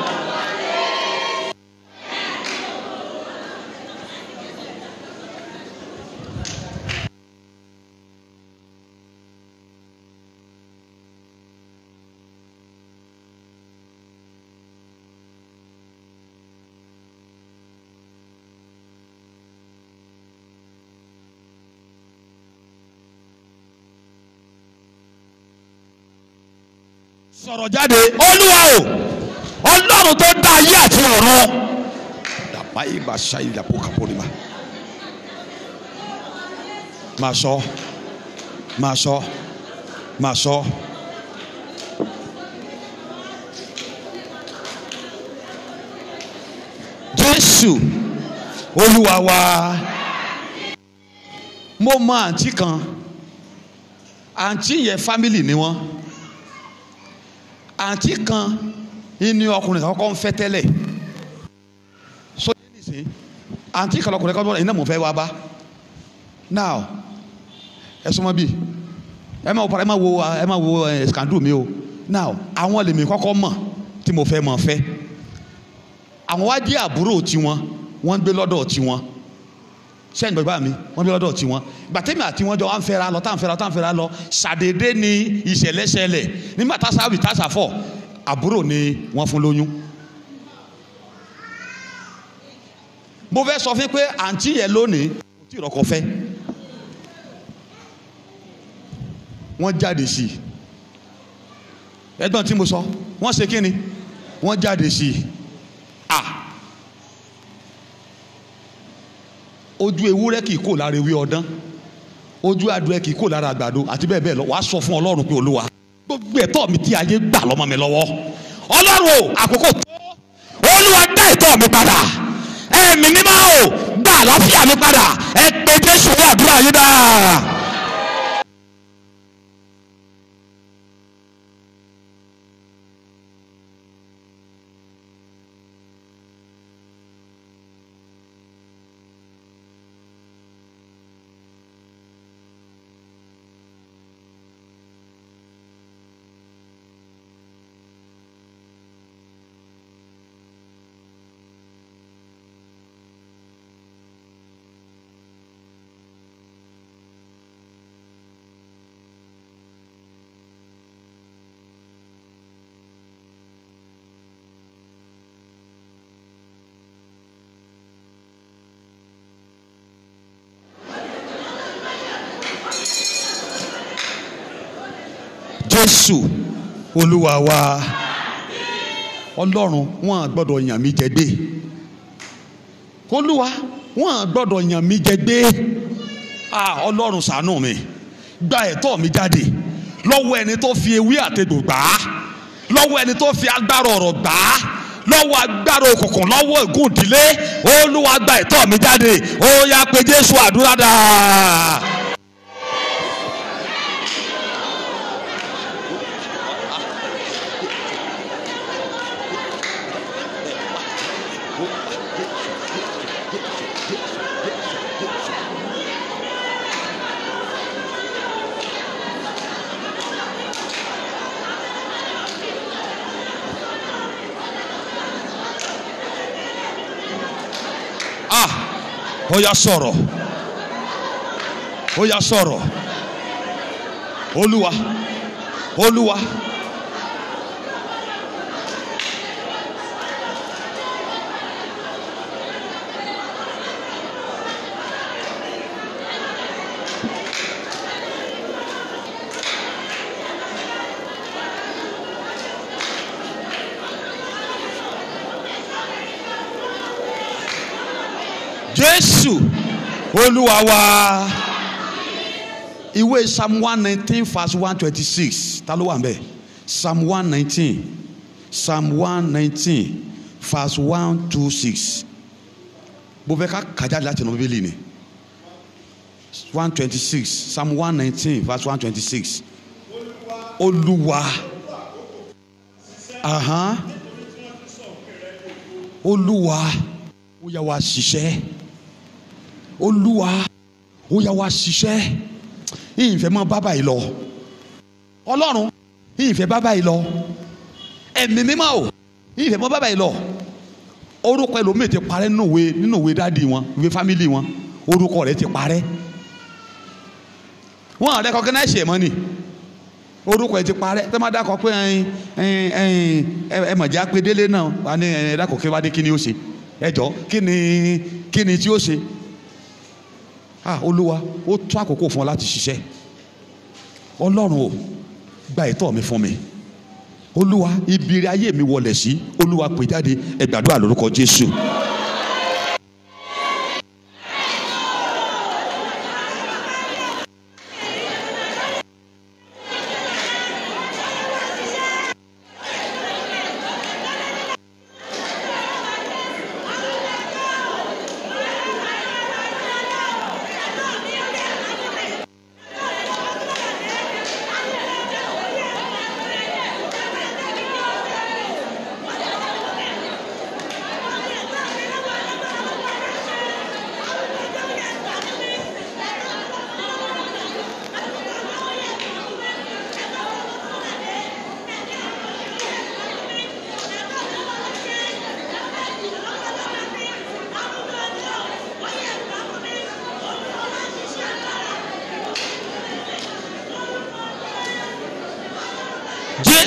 sọ̀rọ̀ jáde olúwa o ọlọ́run tó dá ayé àti ọ̀run. dàbá yìí máa ṣá ìlà kó kàpọ̀ ni ma. máa sọ máa sọ máa sọ. jésù olúwa wa mo mọ àǹtí kan àǹtí yẹn fámìlì ni wọ́n àǹtí kan ní ọkùnrin kan kọ́ ń fẹ́ tẹ́lẹ̀ so yé nìsín àǹtí kan ọkùnrin kan bọ́ iná mò ń fẹ́ wá bá now ẹ ma bíi ẹ máa ẹ ma wo ẹ máa wo ẹ skandal mi o now àwọn lèmi kọ́kọ́ mọ̀ tí mo fẹ́ mọ̀ fẹ́ àwọn wá jẹ́ àbúrò tiwọn wọ́n ń gbé lọ́dọ̀ tiwọn sẹ́yìn bàbá mi wọ́n bí lọ́dọ̀ tiwọn gbàtẹ́mi àti wọn jọ wọ́n fẹ́ra lọ táwọn fẹ́ra táwọn fẹ́ra lọ ṣàdédé ni ìṣẹ̀lẹ̀ ṣẹlẹ̀ nígbà tásà bì tásà fọ̀ àbúrò ni wọ́n fún lóyún. mo fẹ́ sọ fún pé àǹtí yẹn lónìí kò tí ì rọ́kọ fẹ́ wọ́n jáde sí i ẹ̀gbọ́n tí mo sọ wọ́n ṣe kí ni wọ́n jáde sí i ah ojú ewúrẹ́ kì í kò lára ewé ọdán ojú adùn ẹ kì í kò lára àgbàdo àti bẹ́ẹ̀ bẹ́ẹ̀ lọ wàá sọ fún ọlọ́run pé olúwa gbogbo ẹ̀tọ́ mi tí ayé gbà lọ́mọ mi lọ́wọ́ ọlọ́run àkókò tó olúwa dá ẹ̀tọ́ mi padà ẹ̀mí mímọ́ o gbà àlàáfíà mi padà ẹ pé jésù wà àdúrà yín dáa. jésù olúwa wa ọlọ́run wọn àgbọ́dọ̀ yàn mí jẹ gbé olúwa wọn àgbọ́dọ̀ yàn mí jẹ gbé ọlọ́run ṣàánú mi gba ẹ̀tọ́ mi jáde lọ́wọ́ ẹni tó fi ewé àtegbò gbà á lọ́wọ́ ẹni tó fi agbára ọ̀rọ̀ gbà á lọ́wọ́ agbára òkùnkùn lọ́wọ́ ègún ìdílé olúwa gba ẹ̀tọ́ mi jáde ó yá pé jésù àdúrà dáa. ó yá sọ̀rọ̀ ó yá sọ̀rọ̀ olúwa olúwa. jésù olúwa wa ìwé psalm one nineteen verse one twenty six ta ló wà ń bẹ̀ psalm one nineteen psalm one nineteen verse one two six bó fẹ́ ká kàjá láti nà bíbélì ni one twenty six psalm one nineteen verse one twenty six olúwa olúwa ó yá wa ṣiṣẹ́. Uh olúwa ó yá wá ṣiṣẹ́ ìyìnfẹ́ mọ́ bàbá yìí lọ ọlọ́run ìyìnfẹ́ bàbá yìí lọ ẹ̀mí mímọ́ o ìyìnfẹ́ mọ́ bàbá yìí lọ orúkọ ẹlòmíì ti parẹ́ nínú ìwé nínú ìwé dáàdi wọn ìwé fámìlì wọn orúkọ rẹ̀ ti parẹ́ wọn àrẹ kọ́kẹ́ náà ṣe mọ́ ni orúkọ ẹ ti parẹ́ tẹ́ máa dákọ̀ pé ẹ mọ̀já pé délé náà wà ní ẹ dákọ̀ kí wá dé kí ni ó ṣe ẹ jọ kí ni kí ni tí ó ṣe ah olúwa ó tó àkókò fún ọ láti ṣiṣẹ́ ọlọ́run o gba ẹ̀tọ́ mi fún mi olúwa ibi ayé mi wọlé sí olúwa pè jáde ẹ gbàdúrà lórúkọ jésù.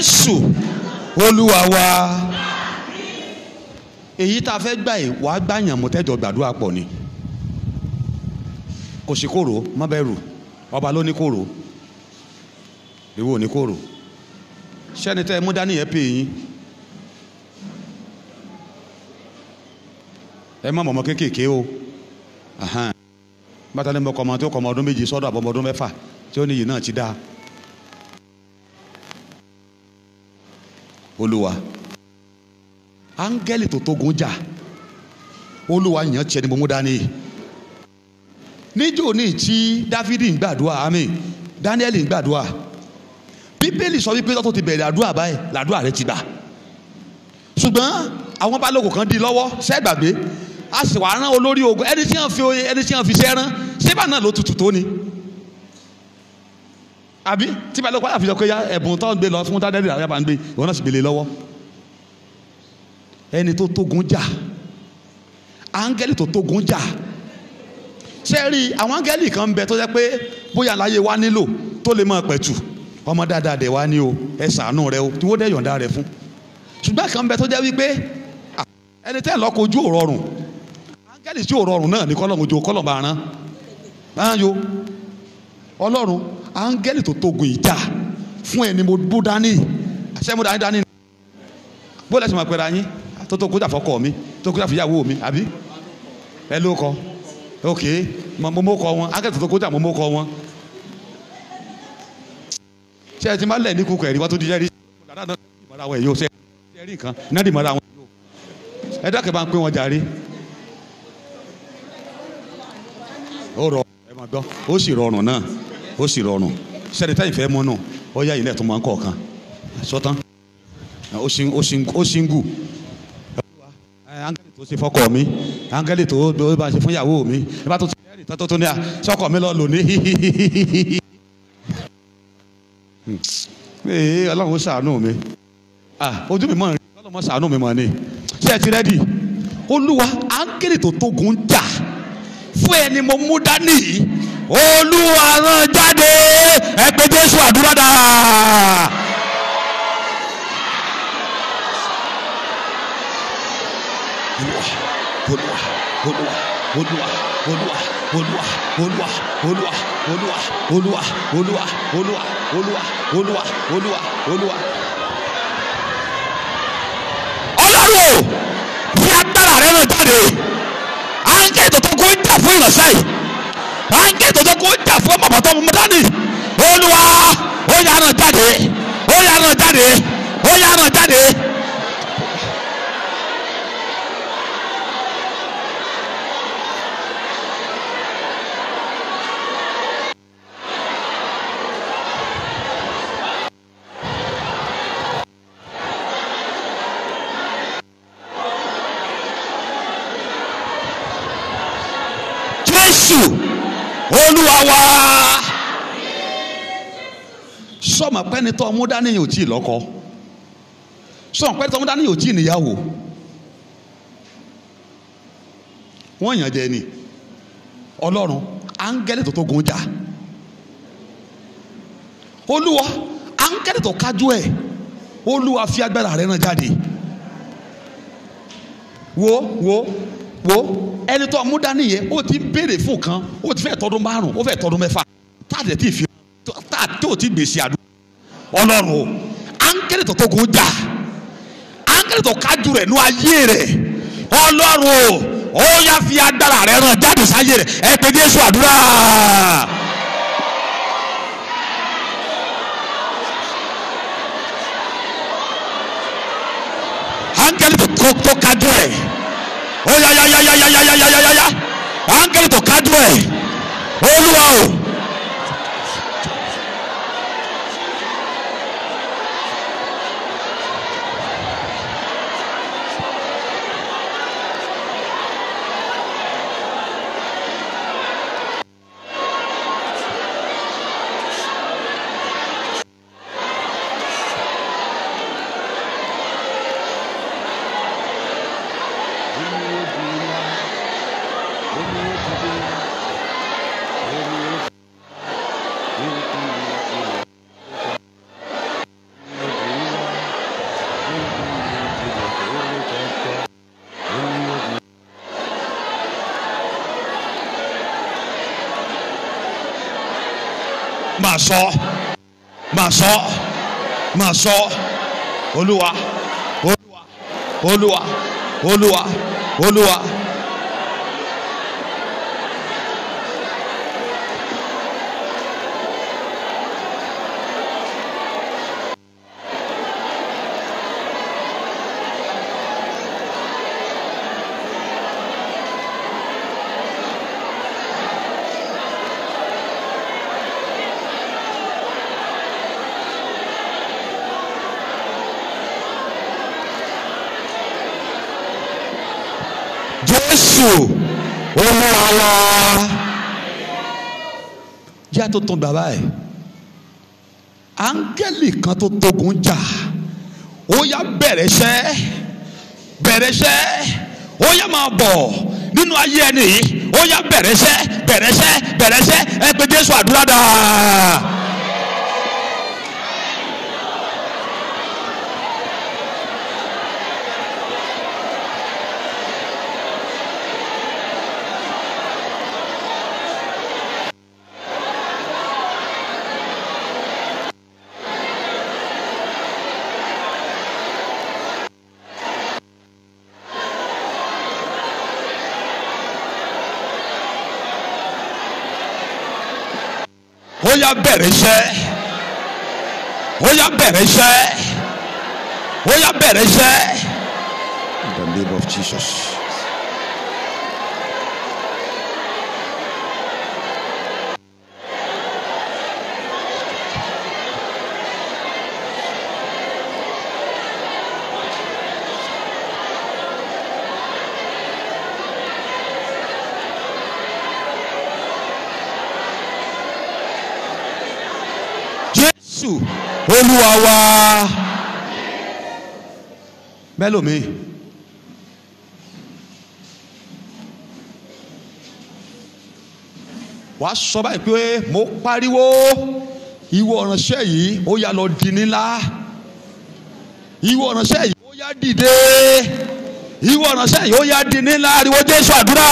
jésù olúwa wa èyí tá a fẹ́ gbà yìí wàá gbàyàn mú tẹ́jọ́ gbàdúrà pọ̀ ni kò sí kòrò má bẹ̀rù ọba ló ní kòrò ìwọ ní kòrò sẹ́ni tẹ́ mú dání yẹn pè yín ẹ má mọ̀mọ́ kéékèèké o bàtà ni mo kọ̀ ọmọ tó kọ̀ ọmọ ọdún méjì sọ́dọ̀ àbọ̀mọ ọdún mẹ́fà tí ó níyì náà ti dáa. olúwa áńgẹ́lì tó tógun jà olúwa yàn tiẹ̀ ni mo mú dání níjó ní tí dávidi ń gbàdúrà àmín dáníẹ́lì ń gbàdúrà bíbélì sọ wípé tó ti bẹ̀rẹ̀ àdúrà báyìí làdúrà rẹ ti gbà ṣùgbọ́n àwọn balógun kan di lọ́wọ́ sẹ́gbàgbé a sì wá rán olórí ogun ẹni tí wọ́n fi ẹni tí wọ́n náà ló tutù tó ni àbí tí balẹ̀ padà fi sọ pé ya ẹ̀bùn tó ń gbé lọ fún tádẹ́rì àwọn yàrá ń gbé òun náà sì gbélé lọ́wọ́ ẹni tó tógun jà áńgẹ́lì tó tógun jà ṣé ẹ rí àwọn áńgẹ́lì kan ń bẹ tó jẹ́ pé bóyá láyé wa nílò tó lè máa pẹ̀tù ọmọ dáadáa dẹ̀ wá ní o ẹ ṣàánú rẹ o tí wọ́n dẹ̀ yọ̀ǹda rẹ fún ṣùgbọ́n kan ń bẹ tó jẹ́ wípé ẹni tẹ́ lọ́kọ̀ ojú òrọ̀rùn áńgẹ́lì tí òrọ̀rùn náà ní kọ́lọ́mù áńgẹ́lì tó tógun ìjà fún ẹni mo bú dání àṣẹ mo dání dání bó lẹ́sìn máa pẹ̀lú ayín tó tó kúta fọkọ mi tó kúta fìyàwó mi àbí ẹ ló kọ ok mo mọ kọ wọn áńgẹ́lì tó tó kúta mo mọ kọ wọn ṣé ẹ ti máa lẹ̀ ní kúkọ̀ ẹ̀rí wá tó di jẹ́rí dáadáa ìmọ̀ra wọn yóò ṣe ẹ̀rí nǹkan náà ìmọ̀ra wọn yóò ẹ dákẹ́ bá ń pín wọn jàre ó rọ ẹ máa gbọ́ ó sì rọrùn náà ó sì rọrùn sẹ́ni táyì fẹ́ mọ́ náà ó yá ilé tó máa ń kọ̀ọ̀kan sọ́tán ó ṣingù áńgẹ́lì tó ṣe fọkọ mi áńgẹ́lì tó bá ṣe fún ìyàwó mi ẹ bá tó ti rẹ́rìn tó tó ní à sọ́kọ mi lọ lò ní hihihihihi ee ọlọ́run ó ṣàánú mi ojú mi mọ̀ rí ọlọ́run mọ̀ ṣàánú mi mọ̀ ni ṣé ẹ ti rẹ́dì olúwa áńgẹ́lì tó tógun jà fún ẹni mo mú dání yìí olúwa rán jáde ẹ pé jésù àdúrà dáa. olúwa olúwa olúwa olúwa olúwa olúwa olúwa olúwa olúwa olúwa olúwa olúwa olúwa olúwa olúwa. ọlọ́run o fi agbára rẹ̀ ràn jáde à ń jẹ́ ètò tó kó ń jà fún ìránṣẹ́ yìí áńgẹ́ tó kó jà fún bàbá tó mú dání olúwa ó yà ràn jáde ó yà ràn jáde ó yà ràn jáde. Jésù olúwa wá. sọmọ pẹ́ni tó ọmú dání yóò tí ì lọ́kọ sọmọ pẹ́ni tó ọmú dání yóò tí ì níyàwó wọ́n yàn jẹ ni ọlọ́run áńgẹ́lì tó tó gun jà olúwa áńgẹ́lì tó kájú ẹ̀ olúwa fi agbára rẹ̀ náà jáde wo wo wo ẹni tó mú dání yẹn ó ti béèrè fún kan ó ti fẹ́ tọdún márùn ó fẹ́ tọdún mẹ́fà tá a ti fi tá a tó ti gbèsè àdúrà ọlọ́run o áńkẹ́lẹ̀ tó tó kó jà áńkẹ́lẹ̀ tó kájú rẹ̀ nú ayé rẹ̀ ọlọ́run o ó yá fi agbára rẹ̀ ràn jáde sáyé rẹ̀ ẹ pé Jésù àdúrà. yáyáyáyáyáyáyáyá áńgẹ́lì tó kájú ẹ̀ olúwa máa sọ máa sọ máa sọ olúwa olúwa olúwa olúwa olúwa. jésù olúwa wa jẹ́ tó tún bàbá ẹ̀ áńgẹ́lì kan tó tógun jà ó yá bẹ̀rẹ̀ iṣẹ́ bẹ̀rẹ̀ iṣẹ́ ó yá máa bọ̀ nínú ayé ẹni yìí ó yá bẹ̀rẹ̀ iṣẹ́ bẹ̀rẹ̀ iṣẹ́ bẹ̀rẹ̀ iṣẹ́ ẹ pé jésù àdúrà dáa. ó yá bẹ̀rẹ̀ iṣẹ́ ó yá bẹ̀rẹ̀ iṣẹ́ ó yá bẹ̀rẹ̀ iṣẹ́. In the name of Jesus. jésù olúwa wa mẹ́lòmí. wàá sọ báyìí pé mo pariwo ìwọ ọ̀ránṣẹ́ yìí ó yá lọ di nílá ìwọ ọ̀ránṣẹ́ yìí ó yá dìde ìwọ ọ̀ránṣẹ́ yìí ó yá di nílá ariwo jésù àdúrà.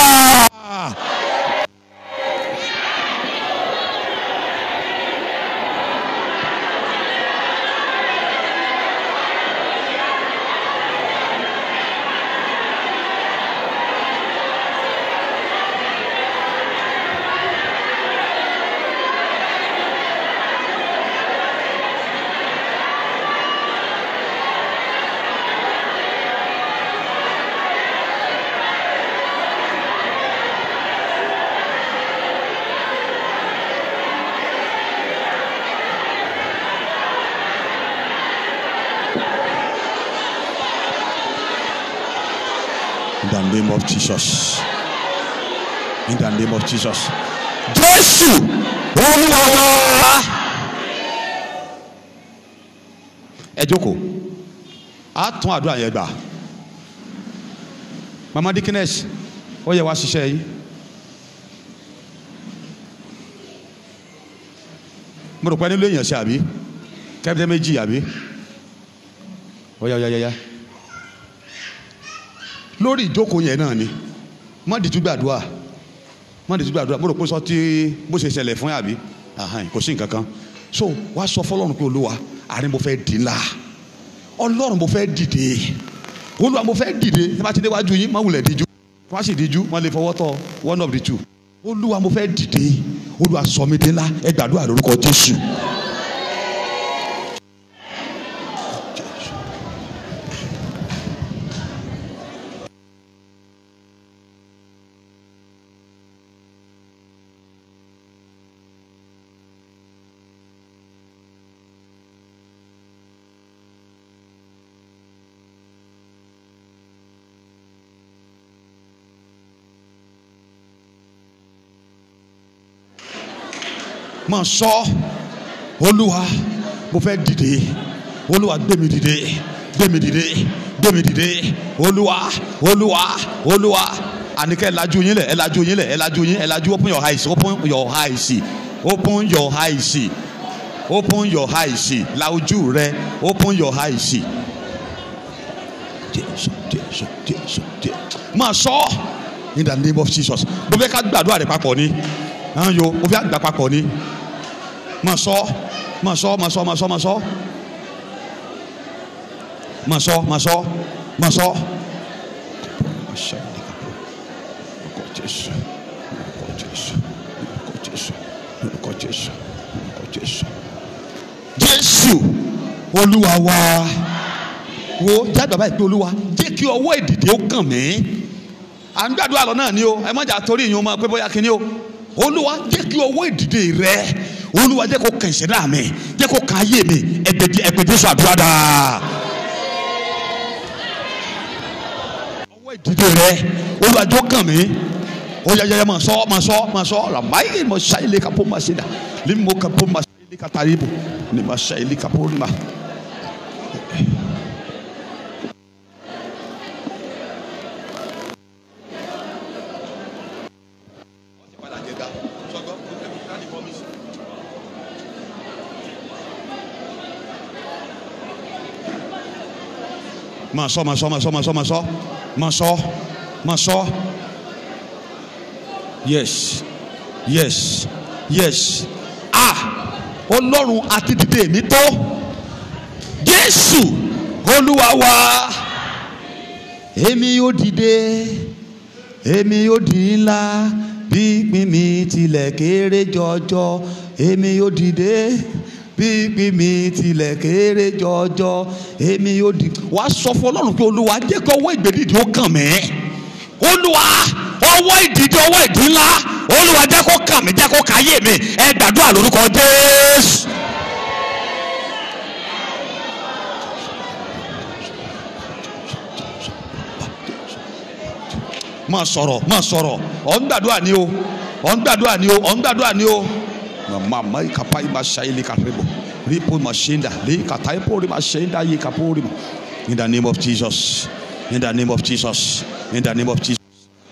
Jesus. In the name of Jesus. Jésù Olúwa wá. Ẹ jókòó, a tún àdúrà yẹn gbà. Mama Dikines, ó yẹ wá ṣiṣẹ́ yìí. Mo rò pé nílò èèyàn ṣe àbí? Kẹ́pítẹ́ méjì àbí? Ó yá ó yá ó yá lórí ìjókòó yẹn náà ni má dìtú gbàdúrà má dìtú gbàdúrà mo rò pé sọ bó ṣe ṣẹlẹ̀ fún yàbí kò sí nǹkan kan so wàá sọ fọlọ́run pé olúwa àárín mo fẹ́ dì ńlá ọlọ́run mo fẹ́ dìde olúwa mo fẹ́ dìde tí wọ́n ti déwájú yín má wulẹ̀ díjú wọ́n sì díjú wọ́n lè fọwọ́ tọ one of the two olúwa mo fẹ́ dìde olúwa sọ mi dé ńlá ẹ gbàdúrà lórúkọ jésù. máa sọ olúwa mo fẹ́ dìde olúwa gbé mi dìde gbé mi dìde gbé mi dìde olúwa olúwa olúwa àníkẹ́ ẹ̀lajú yín lẹ̀ ẹ̀lajú yín lẹ̀ ẹ̀lajú yín ẹ̀lajú open your eyes open your eyes open your eyes open your eyes la ojú rẹ open your eyes jésù jésù jésù jésù máa sọ in the name of Jesus mo fẹ́ ká gbàdúrà rẹ̀ papọ̀ ni mo fẹ́ àgbà papọ̀ ni mọ̀ sọ mọ̀ sọ mọ̀ sọ mọ̀ sọ mọ̀ sọ mọ̀ sọ mọ̀ sọ mọ̀ sọ. Jésù Olúwa wa wo jáde bàbá ìpè Olúwa jẹ́ kí ọwọ́ ìdìde ó kàn mí à ń gbàdúrà lọ náà ni o ẹ mọ̀jà torí ìyẹn o máa pé bóyá kíní o Olúwa jẹ́ kí ọwọ́ ìdìde rẹ olúwa jẹ́ kó kàn ìṣẹ̀dá mi jẹ́ kó kàn ayé mi ẹ̀pẹ̀ jésù àdúrà dáa. ọwọ́ ìdílé rẹ olúwa jọ kàn mí ó yẹ yẹ máa sọ máa sọ máa sọ ọ̀la máyé mo ṣáyé lè ka pọ́ máa ṣe dà lè mo ka pọ́ máa ṣe lè ka tari bò lè ma ṣáyé lè ka pọ́ máa. máa sọ máa sọ máa sọ máa sọ máa sọ máa sọ máa sọ yes yes yes ah ọlọ́run àti dìde mi tó jésù olúwa wa èmi yóò dìde èmi yóò di ńlá bí ìpín mi tilẹ̀ kéré jọjọ èmi yóò dìde gbígbí mi tilẹ̀ kéré jọjọ èmi yóò di. wàá sọ fún ọlọ́run pé olúwa jẹ́ kí ọwọ́ ìgbèdìdì ó kàn mí olúwa ọwọ́ ìdíje ọwọ́ ìdí ńlá olúwa jẹ́ kó kàn mí jẹ́ kó káyé mi ẹ gbàdúrà lórúkọ jésù. máa sọ̀rọ̀ máa sọ̀rọ̀ ọ̀ ń gbàdúrà ni o ọ̀ ń gbàdúrà ni o ọ̀ ń gbàdúrà ni o. mama ikapai mashaili karibu ripo mashinda likataipo mashinda yikapuri in the name of Jesus in the name of Jesus in the name of Jesus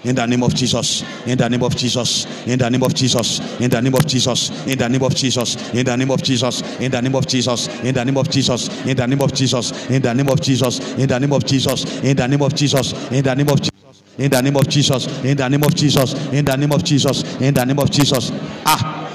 in the name of Jesus, in the name of Jesus, in the name of Jesus, in the name of Jesus, in the name of Jesus, in the name of Jesus, in the name of Jesus, in the name of Jesus, in the name of Jesus, in the name of Jesus, in the name of Jesus, in the name of Jesus, in the name of Jesus. In the name of Jesus, in the name of Jesus, in the name of Jesus, in the name of Jesus. Ah,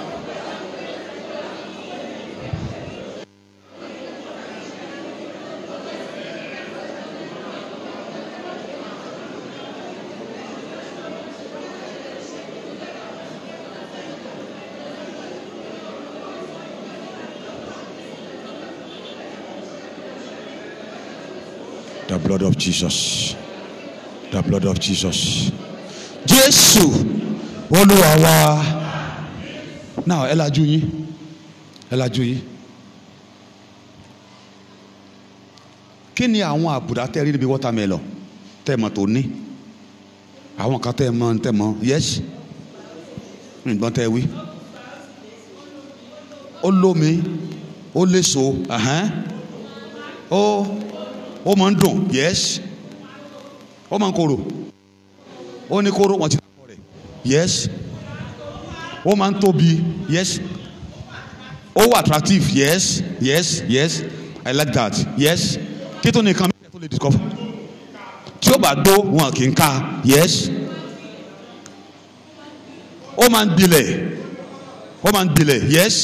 Jesus the blood of Jesus Jesu, Olúwa wa now ẹ lajú yín ẹ lajú yín kí ni àwọn àbùdá tẹ́ rí níbi watermelon tẹ́ mọ̀ tó ní àwọn kan tẹ́ mọ̀ tẹ́ mọ̀ yes nǹkan tẹ́ wí ó lómi ó léso ó. oh ó máa ń dùn yes ó máa ń korò ó ní korò wọn ti dàpọ̀ rẹ̀ yes ó máa ń tóbi yes ó wà attractive yes yes yes i like that yes kí tó nìkan mi tó lè discover tí ó bá dó wọn kì í ka yes ó máa ń dilẹ̀ ó máa ń dilẹ̀ yes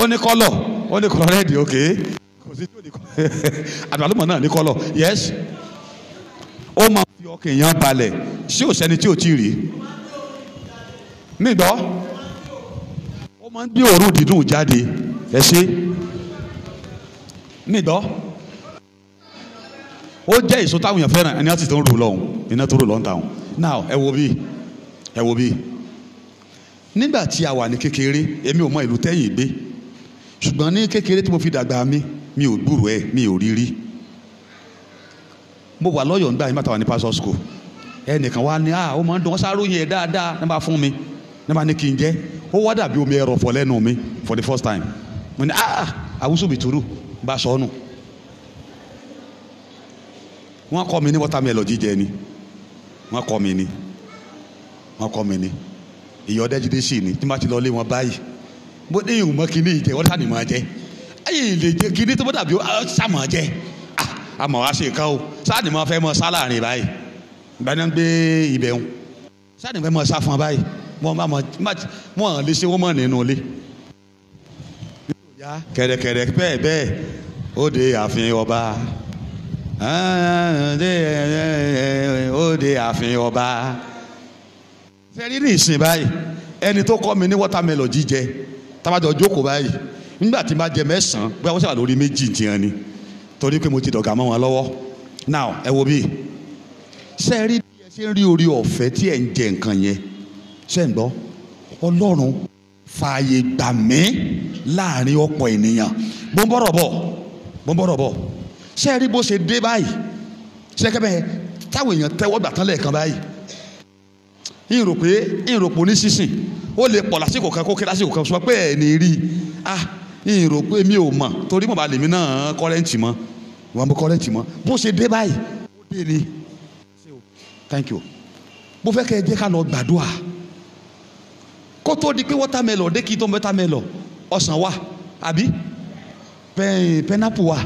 ó ní kọ́lọ̀ ó ní kọ́lọ́ rẹ́ẹ̀dì ok kò sí tí náà ní kọ́lọ̀ yes ó máa fi ọkàn èèyàn balẹ̀ ṣé ò sẹ́ni tí ò tí ì rí nígbọ́ ó máa ń gbé òórùn dídùn jáde ẹ ṣe nígbọ́ ó jẹ́ èso táwọn èèyàn fẹ́ràn ẹni láti tó ń rò lọ́hùn iná tó rò lọ́hùn táwọn now ẹ wo bí ẹ wo bí nígbà tí a wà ní kékeré èmi ò mọ ìlú tẹ́yìn gbé ṣùgbọ́n ní kékeré tí mo fi dàgbà mi mi ò gbúrò ẹ̀ mi ò rí rí mo wà lọ́yọ̀ nígbà yìí màtàwà ní pastor school ẹnìkan wa ni ah ó máa ń dùn wọ́n sáró yẹn dáadáa ní bá fún mi ní bá ní kí n jẹ́ ó wá dàbí omi ẹ̀rọ fọ̀ lẹ́nu mi for the first time mo ní ah àwùsù ah, mi túrú bá sọ ọ́nù wọ́n kọ́ mi ní watermelon jíjẹ ni wọ́n kọ́ mi ni wọ́n kọ́ mi ni ìyọ̀dẹ́jídé sì ni tí n bá ti lọ lé wọn báyìí bó dé ìwò mọ́ kíní ìjẹ́ wọ́n sànì máa jẹ́ ayé lè jẹ́ kíní tó bá dàbí sàmà jẹ́ àmọ́ wá ṣe ká o sànì máa fẹ́ mọ sá láàrin báyìí ìbáná gbé ibẹ̀ ń sànì fẹ́ mọ sá báyìí wọ́n bá mọ̀ lè ṣe wọ́n mọ̀ nínú ilé. kẹ̀rẹ̀kẹ̀rẹ̀ bẹ́ẹ̀ bẹ́ẹ̀ ó de ààfin ọba ó de ààfin ọba fẹ́rí ní ìsìn báyìí ẹni tó kọ́ mi ní wọ́tàmẹ́lọ̀ jíjẹ tábàjọ jókòó báyìí nígbà tí n bá jẹ mẹ́sàn-án bí wọ́n sábà lórí méjì tiẹ̀ ni torí pé mo ti dọ̀gà mọ́ wọn lọ́wọ́ now ẹ wo bí ṣe rí bí ẹ ṣe ń rí orí ọ̀fẹ́ tí ẹ ń jẹ nǹkan yẹn ṣe ń gbọ́ ọlọ́run fààyè gbà mí láàrin ọ̀pọ̀ ènìyàn bó ń bọ̀rọ̀ bọ̀ bó bọ̀ ṣe rí bó ṣe dé báyìí ṣe kẹ́ bẹ́ẹ̀ táwọn èèyàn tẹ́wọ́ gbà lẹ́ẹ̀kan báyìí ìrò pé ìrò pò ní sísìn ó lè pọ̀ lásìkò kan kó kí lásìkò kan sọ pé ẹ̀ ní rí i ah ìrò pé mi ò mọ̀ torí mo bá lèmi náà kọ́rẹ́ǹtì mọ́ wọn bó kọ́rẹ́ǹtì mọ́ bó ṣe dé báyìí ó dé ni thank mo fẹ́ kẹ́ ẹ jẹ́ ká lọ gbàdúrà kó tó di pé wọ́tàmẹ́lọ̀ dé kí tó wọ́tàmẹ́lọ̀ ọ̀sán wa àbí pẹ́ẹ́n pẹ́nápù wa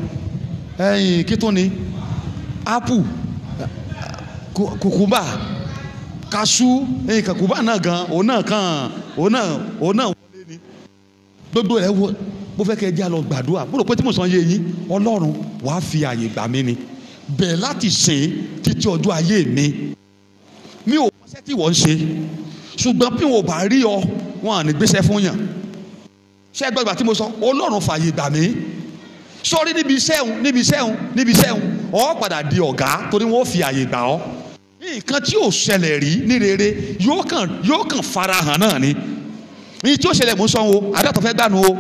ẹ̀yìn kí tó ni ápù kùkùmbà kaṣú nǹkan kùbá náà gan òun náà kàn òun náà òun náà wọlé ni gbogbo rẹ̀ wọ bó fẹ́ kẹ́ ẹ jẹ́ àlọ́ gbàdúrà bó rò pé tí mo sàn yé yín ọlọ́run wàá fi àyè gbà mí ni bẹ̀ẹ̀ láti sìn títí ọjọ́ ayé mi mi ò wọ́sẹ́ tí wọ́n ń ṣe ṣùgbọ́n bí wọn ò bá rí ọ wọn à ní gbéṣẹ́ fún yàn ṣé gbọ́dọ̀ tí mo sọ ọlọ́run fààyè gbà mí sọ́rí níbi iṣẹ́ òun níbi iṣẹ́ òun níbi iṣẹ́ òun ọ̀ padà di ọ̀gá torí wọn ò fi àyè gbà ọ́ nǹkan tí ò ṣẹlẹ̀ rí ní rere yóò kàn yóò kàn farahàn náà ni ní tí ó ṣẹlẹ̀ mú sọ́n o adátọ̀ fẹ́ gbànú o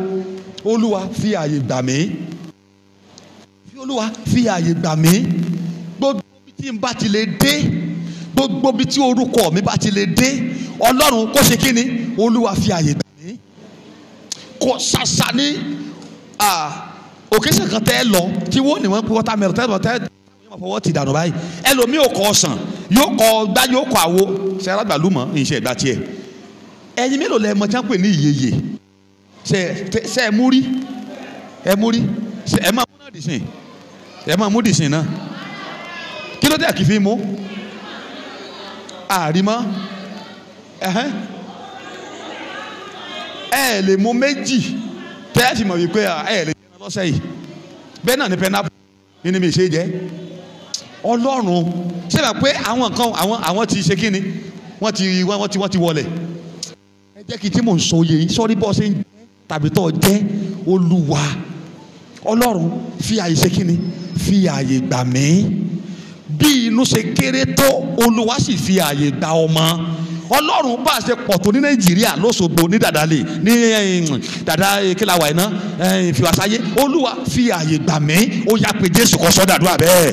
olúwa fi àyè gbà mí olúwa fi àyè gbà mí gbogbo bí tí n bá ti lè dé gbogbo bí tí orúkọ mi bá ti lè dé ọlọ́run kó ṣe kí ni olúwa fi àyè gbà mí kò ṣàṣà ní òkèṣàn kan tẹ́ ẹ lọ tí wọ́n ní wọ́n pé watermelon tẹ́ ẹ lọ tẹ́ ẹ fọwọ́ ti dànù báyìí ẹlòmíì ò kọ́ ọ̀sán yóò kọ gbá yóò kọ àwo ṣe alágbàlú mọ ìṣe ìgbà tiẹ̀ ẹyin mélòó lẹ mọ tí wọn pè ní ìyeyè ṣe ṣe ẹ mú rí ẹ mú rí ṣe ẹ máa mú náà dìsìn ẹ máa mú dìsìn náà kí ló dé àkìfí mú àrímọ́ ẹ lè mú méjì tẹ́ ẹ fi mọ̀ wípé ẹ lè jẹ́ lọ́sẹ̀ yìí bẹ́ẹ̀ náà ni pẹ́ńdà ní ni mi ṣe jẹ́ ọlọ́run ṣẹlẹ̀ pé àwọn nǹkan àwọn àwọn ti ṣe kí ni wọ́n ti wọ́n ti wọ́n ti wọlé ẹ jẹ́ kí tí mò ń sọ yé sọ́rí bọ́ ṣe ń tàbí tọ́ jẹ́ olúwa ọlọ́run fi àyè ṣe kí ni fi àyè gbà mí bí inú ṣe kéré tó olúwa sì fi àyè gba ọmọ ọlọ́run bá a ṣe pọ̀ tó ní nàìjíríà lọ́sọ̀gbọ̀ ní dàdálẹ̀ ní dàdá eh, kíláwá iná ìfìwàsáyé olúwa fi àyè gbà mí ó yá pé jésù kọ́ sọ́dà dùn àbẹ́ẹ̀.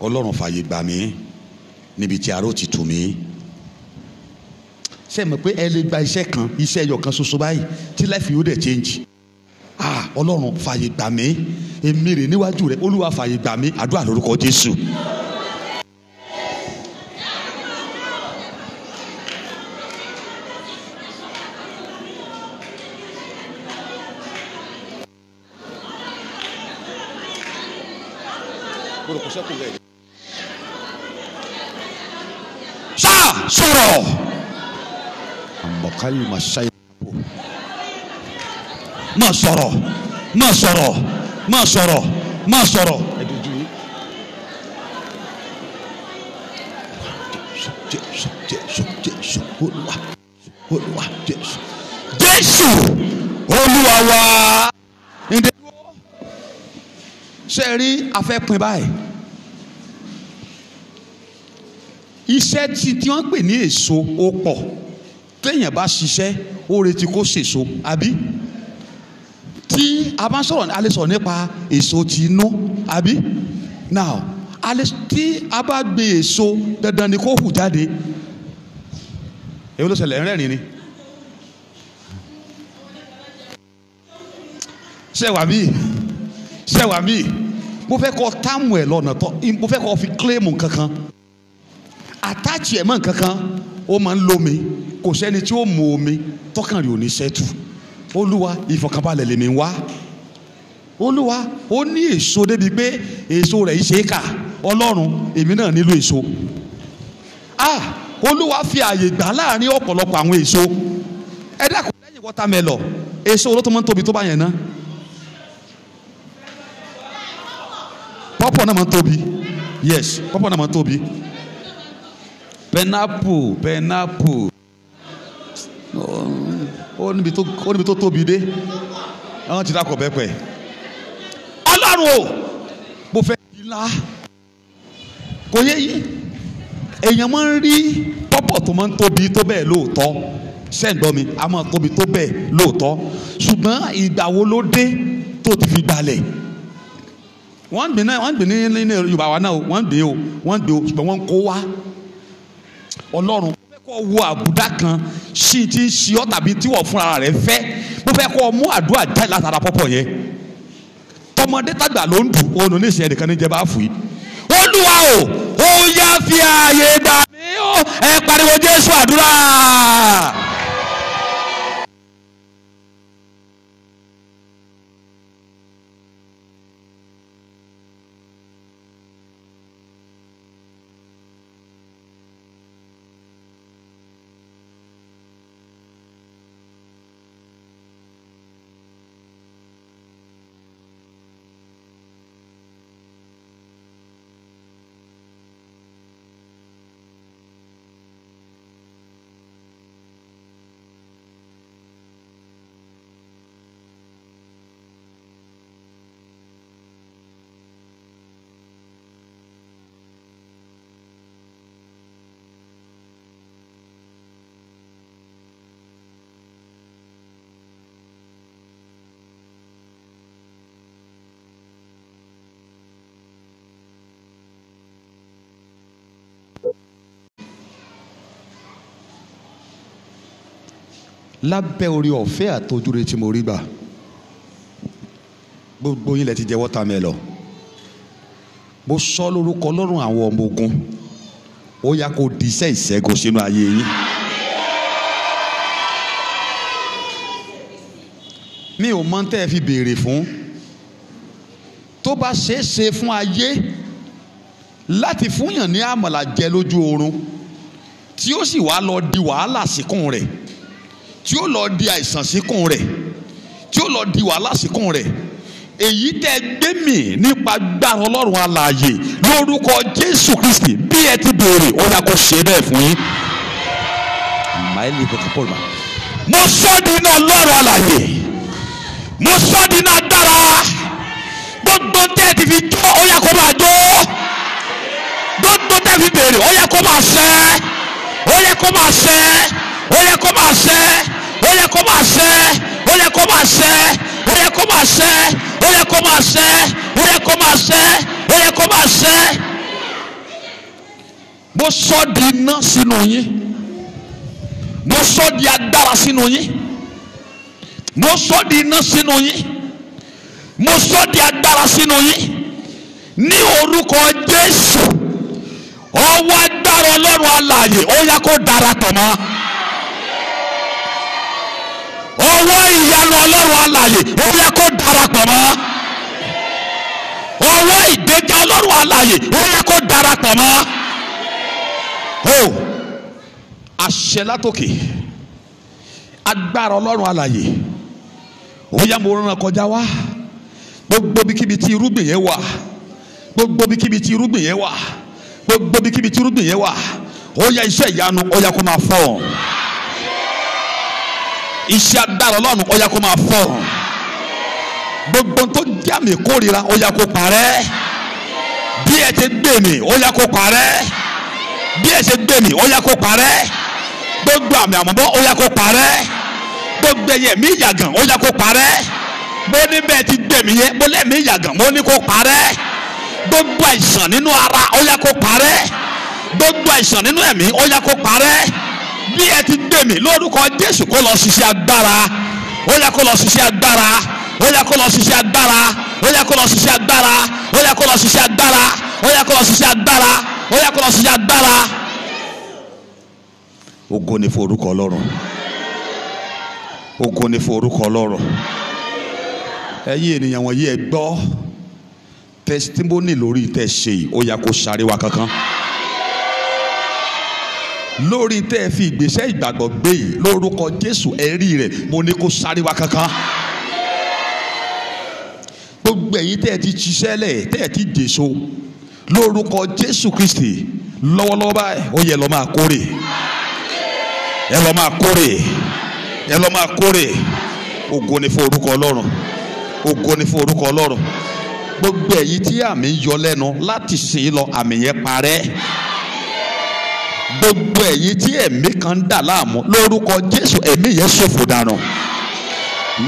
ọlọ́run fààyè gbà mí níbi tí aró ti tù mí ṣe mọ̀ pé ẹ lè gba iṣẹ́ kan iṣẹ́ ẹyọ kan ṣoṣo báyìí tí life yóò dẹ̀ change ah ọlọ́run fààyè gbà mí èmi rè níwájú rẹ olúwa fààyè gbà mí àdúrà lórúkọ jésù. Bueno, pues ya jugué. sọ̀rọ̀ àmọ̀kálì máa ṣáyé àpò máa sọ̀rọ̀ máa sọ̀rọ̀ máa sọ̀rọ̀ máa sọ̀rọ̀ ẹ̀dùjú yìí. Jésù Jésù Jésù Olúwa Olúwa Jésù Jésù Olúwa wa. ǹdẹ́ dúró rí afẹ́pin báyìí. iṣẹ́ tí tí wọ́n pè ní èso ó pọ̀ téèyàn bá ṣiṣẹ́ ó retí kó ṣèso àbí tí a bá sọ̀rọ̀ a lè sọ̀rọ̀ nípa èso tí inú àbí now a lè tí a bá gbin èso dandan ni kó hù jáde èyí ló ṣẹlẹ̀ rẹ́rìn ni ṣẹ̀wá mi ṣẹ̀wá mi mo fẹ́ kọ́ táàmù ẹ̀ lọ́nà tó mo fẹ́ kọ́ fi kílẹ̀mù kankan àtàchì ẹ̀ mọ́ nǹkan kan ó máa ń lómi kò sẹ́ni tí ó mọ omi tọ́kàn rẹ̀ ò ní sẹ́tù olúwa ìfọ̀kànbalẹ̀ lèmi wá olúwa ó ní èso débi pé èso rẹ̀ yìí kà ọlọ́run èmi náà nílò èso ah olúwa fi àyè gbà láàrin ọ̀pọ̀lọpọ̀ àwọn èso ẹ dákun lẹ́yìn wọ́tàmẹ́lọ̀ èso olótó máa ń tóbi tó bá yẹn ná pọ́pọ̀ náà máa ń tóbi yes pọ́pọ̀ náà máa ń tóbi pẹnápù pẹnápù ó níbi tó ó níbi tó tóbi dé àwọn ti dákọ̀ bẹ́pẹ̀ ọlọ́run o mo fẹ́ kí n la kò yé yín èèyàn máa ń rí pọ́pọ̀ tó máa ń tóbi tó bẹ́ẹ̀ lóòótọ́ sẹ́ǹdọ́ mi a máa tóbi tó bẹ́ẹ̀ lóòótọ́ ṣùgbọ́n ìgbà wo ló dé tó ti fi gbalẹ̀ wọ́n ń gbìn ní Yorùbá wa náà wọ́n gbìn o wọ́n gbìn o ṣùgbọ́n wọ́n kó wá ọlọ́run mo fẹ́ kọ́ wo àbùdá kan sí ti ń ṣe ọ́ tàbí tí wọ́n fúnra rẹ̀ fẹ́ mo fẹ́ kọ́ mú àdúrà jáde látara pọ́pọ̀ yẹn tọmọdé tàgbà ló ń dùn òun ní ìṣẹ̀lẹ̀ ní jẹba àfù yìí olúwa o ó yá fi ààyè gbà mí ó ẹ pariwo jésù àdúrà. lábẹ́ orí ọ̀fẹ́ àtọ́júre tí mo rí gbà gbogbo yín lẹ ti jẹ wọ́tàmẹ́lọ mo sọ lórúkọ lọ́rùn àwọn ọmọ ogun ó yá kó di iṣẹ́ ìṣẹ́gun sínú ayé yín. mi ò mọ̀ tẹ́ ẹ fi béèrè fún tó bá ṣeé ṣe fún ayé láti fúnyàn ní àmàlà jẹ lójú oorun tí ó sì wá lọ di wàhálà síkùn rẹ̀ tí ó lọ di àìsàn síkùn rẹ̀ tí ó lọ di wàhálà síkùn rẹ̀ èyí tẹ́ gbé mì nípa gbára ọlọ́run alààyè lórúkọ jésù kristi bí ẹ ti béèrè ó yà kó ṣe bẹ́ẹ̀ fún yín. mo sọ di iná ọlọ́run alààyè mo sọ di dára gbogbo tẹ́ ti fi jó ó yà kó máa jó gbogbo tẹ́ fi béèrè ó yà kó máa ṣẹ ó yà kó máa ṣẹ ó yà kó máa ṣẹ ó yẹ kó máa ṣẹ́ ó yẹ kó máa ṣẹ́ ó yẹ kó máa ṣẹ́ ó yẹ kó máa ṣẹ́ ó yẹ kó máa ṣẹ́ ó yẹ kó máa ṣẹ́ mo sọ di iná sínú yín mo sọ di agbára sínú yín mo sọ di iná sínú yín mo sọ di agbára sínú yín ní orúkọ Jésù ọwọ́ agbára Ọlọ́run alààyè ó yá kó darapọ̀ mọ́ ọwọ́ ìyanu ọlọ́run alààyè ó yẹ kó darapọ̀ mọ́ ọwọ́ ìgbéga ọlọ́run alààyè ó yẹ kó darapọ̀ mọ́ o àṣẹ látòkè agbára ọlọ́run alààyè ó yá mo rán kọjá wá gbogbo bíkíbi tí irúgbìn yẹn wà gbogbo bíkíbi tí irúgbìn yẹn wà gbogbo bíkíbi tí irúgbìn yẹn wà ó yá iṣẹ́ ìyanu ó yá kó máa fọ́ ọ iṣẹ́ agbára ọlọ́run ó yá kó máa fọ̀rùn gbogbo tó jẹ́ àmì ìkórira ó yá kó parẹ́ bí ẹ ti gbé mi ó yá kó parẹ́ bí ẹ ti gbé mi ó yá kó parẹ́ gbogbo àmì àmọ́bọ́ ó yá parẹ́ gbogbo ẹyẹ mi yàgàn ó yá kó parẹ́ mo ní bẹ́ẹ̀ ti gbé mi yẹn mo lẹ́mí yàgàn mo ní kó parẹ́ gbogbo àìsàn nínú ara ó yá kó parẹ́ gbogbo àìsàn nínú ẹ̀mí ó yá kó parẹ́ bí ẹ ti gbé mi lórúkọ Jésù kó lọ ṣiṣẹ́ agbára ó yẹ kó lọ ṣiṣẹ́ agbára ó yẹ kó lọ ṣiṣẹ́ agbára ó yẹ kó lọ ṣiṣẹ́ agbára ó yẹ kó lọ ṣiṣẹ́ agbára ó yẹ kó lọ ṣiṣẹ́ agbára ó yẹ kó lọ ṣiṣẹ́ agbára. ògo ni fún orúkọ Ọlọ́run ni fún orúkọ Ọlọ́run ènìyàn wọ̀nyí ẹ gbọ́ testimony lórí tẹ̀ ṣe yìí ó yẹ kó ṣàríwá kankan lórí tẹ́ ẹ fi ìgbésẹ̀ ìgbàgbọ́ gbé yìí lórúkọ Jésù ẹ̀rí rẹ̀ mo ní kó sáré wá kankan gbogbo ẹ̀yin tẹ́ ẹ ti ṣiṣẹ́ lẹ̀ tẹ́ ẹ ti jèso lórúkọ Jésù Kristi lọ́wọ́lọ́wọ́ báyìí ó yẹ lọ́ máa kórè ẹ lọ́ máa kórè ẹ lọ́ máa kórè ògo ni fún orúkọ Ọlọ́run ògo ni fún orúkọ Ọlọ́run gbogbo ẹ̀yin tí àmì yọ lẹ́nu láti sìn lọ àmì yẹn parẹ́ gbogbo ẹ̀yin tí ẹ̀mí kan dà láàmú lórúkọ Jésù ẹ̀mí yẹn ṣòfò dànù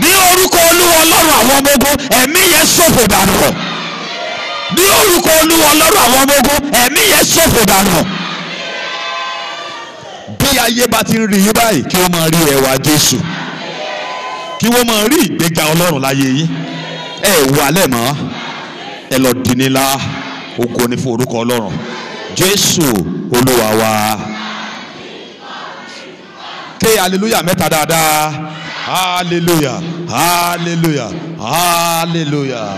ní orúkọ Olúwa Ọlọ́run àwọn ọmọ ogun ẹ̀mí yẹn ṣòfò dànù ní orúkọ Olúwa Ọlọ́run àwọn ọmọ ogun ẹ̀mí yẹn ṣòfò dànù bí ayé bá ti ń rí yín báyìí kí wọ́n máa rí ẹwà Jésù kí wọ́n máa rí ìgbéga Ọlọ́run láyé yín ẹ wà lẹ́mọ́ ẹ lọ dínilá ògo ni fún orúkọ Ọlọ́run jésù olúwa wa ké hallelujah mẹ́ta dáadáa hallelujah hallelujah hallelujah.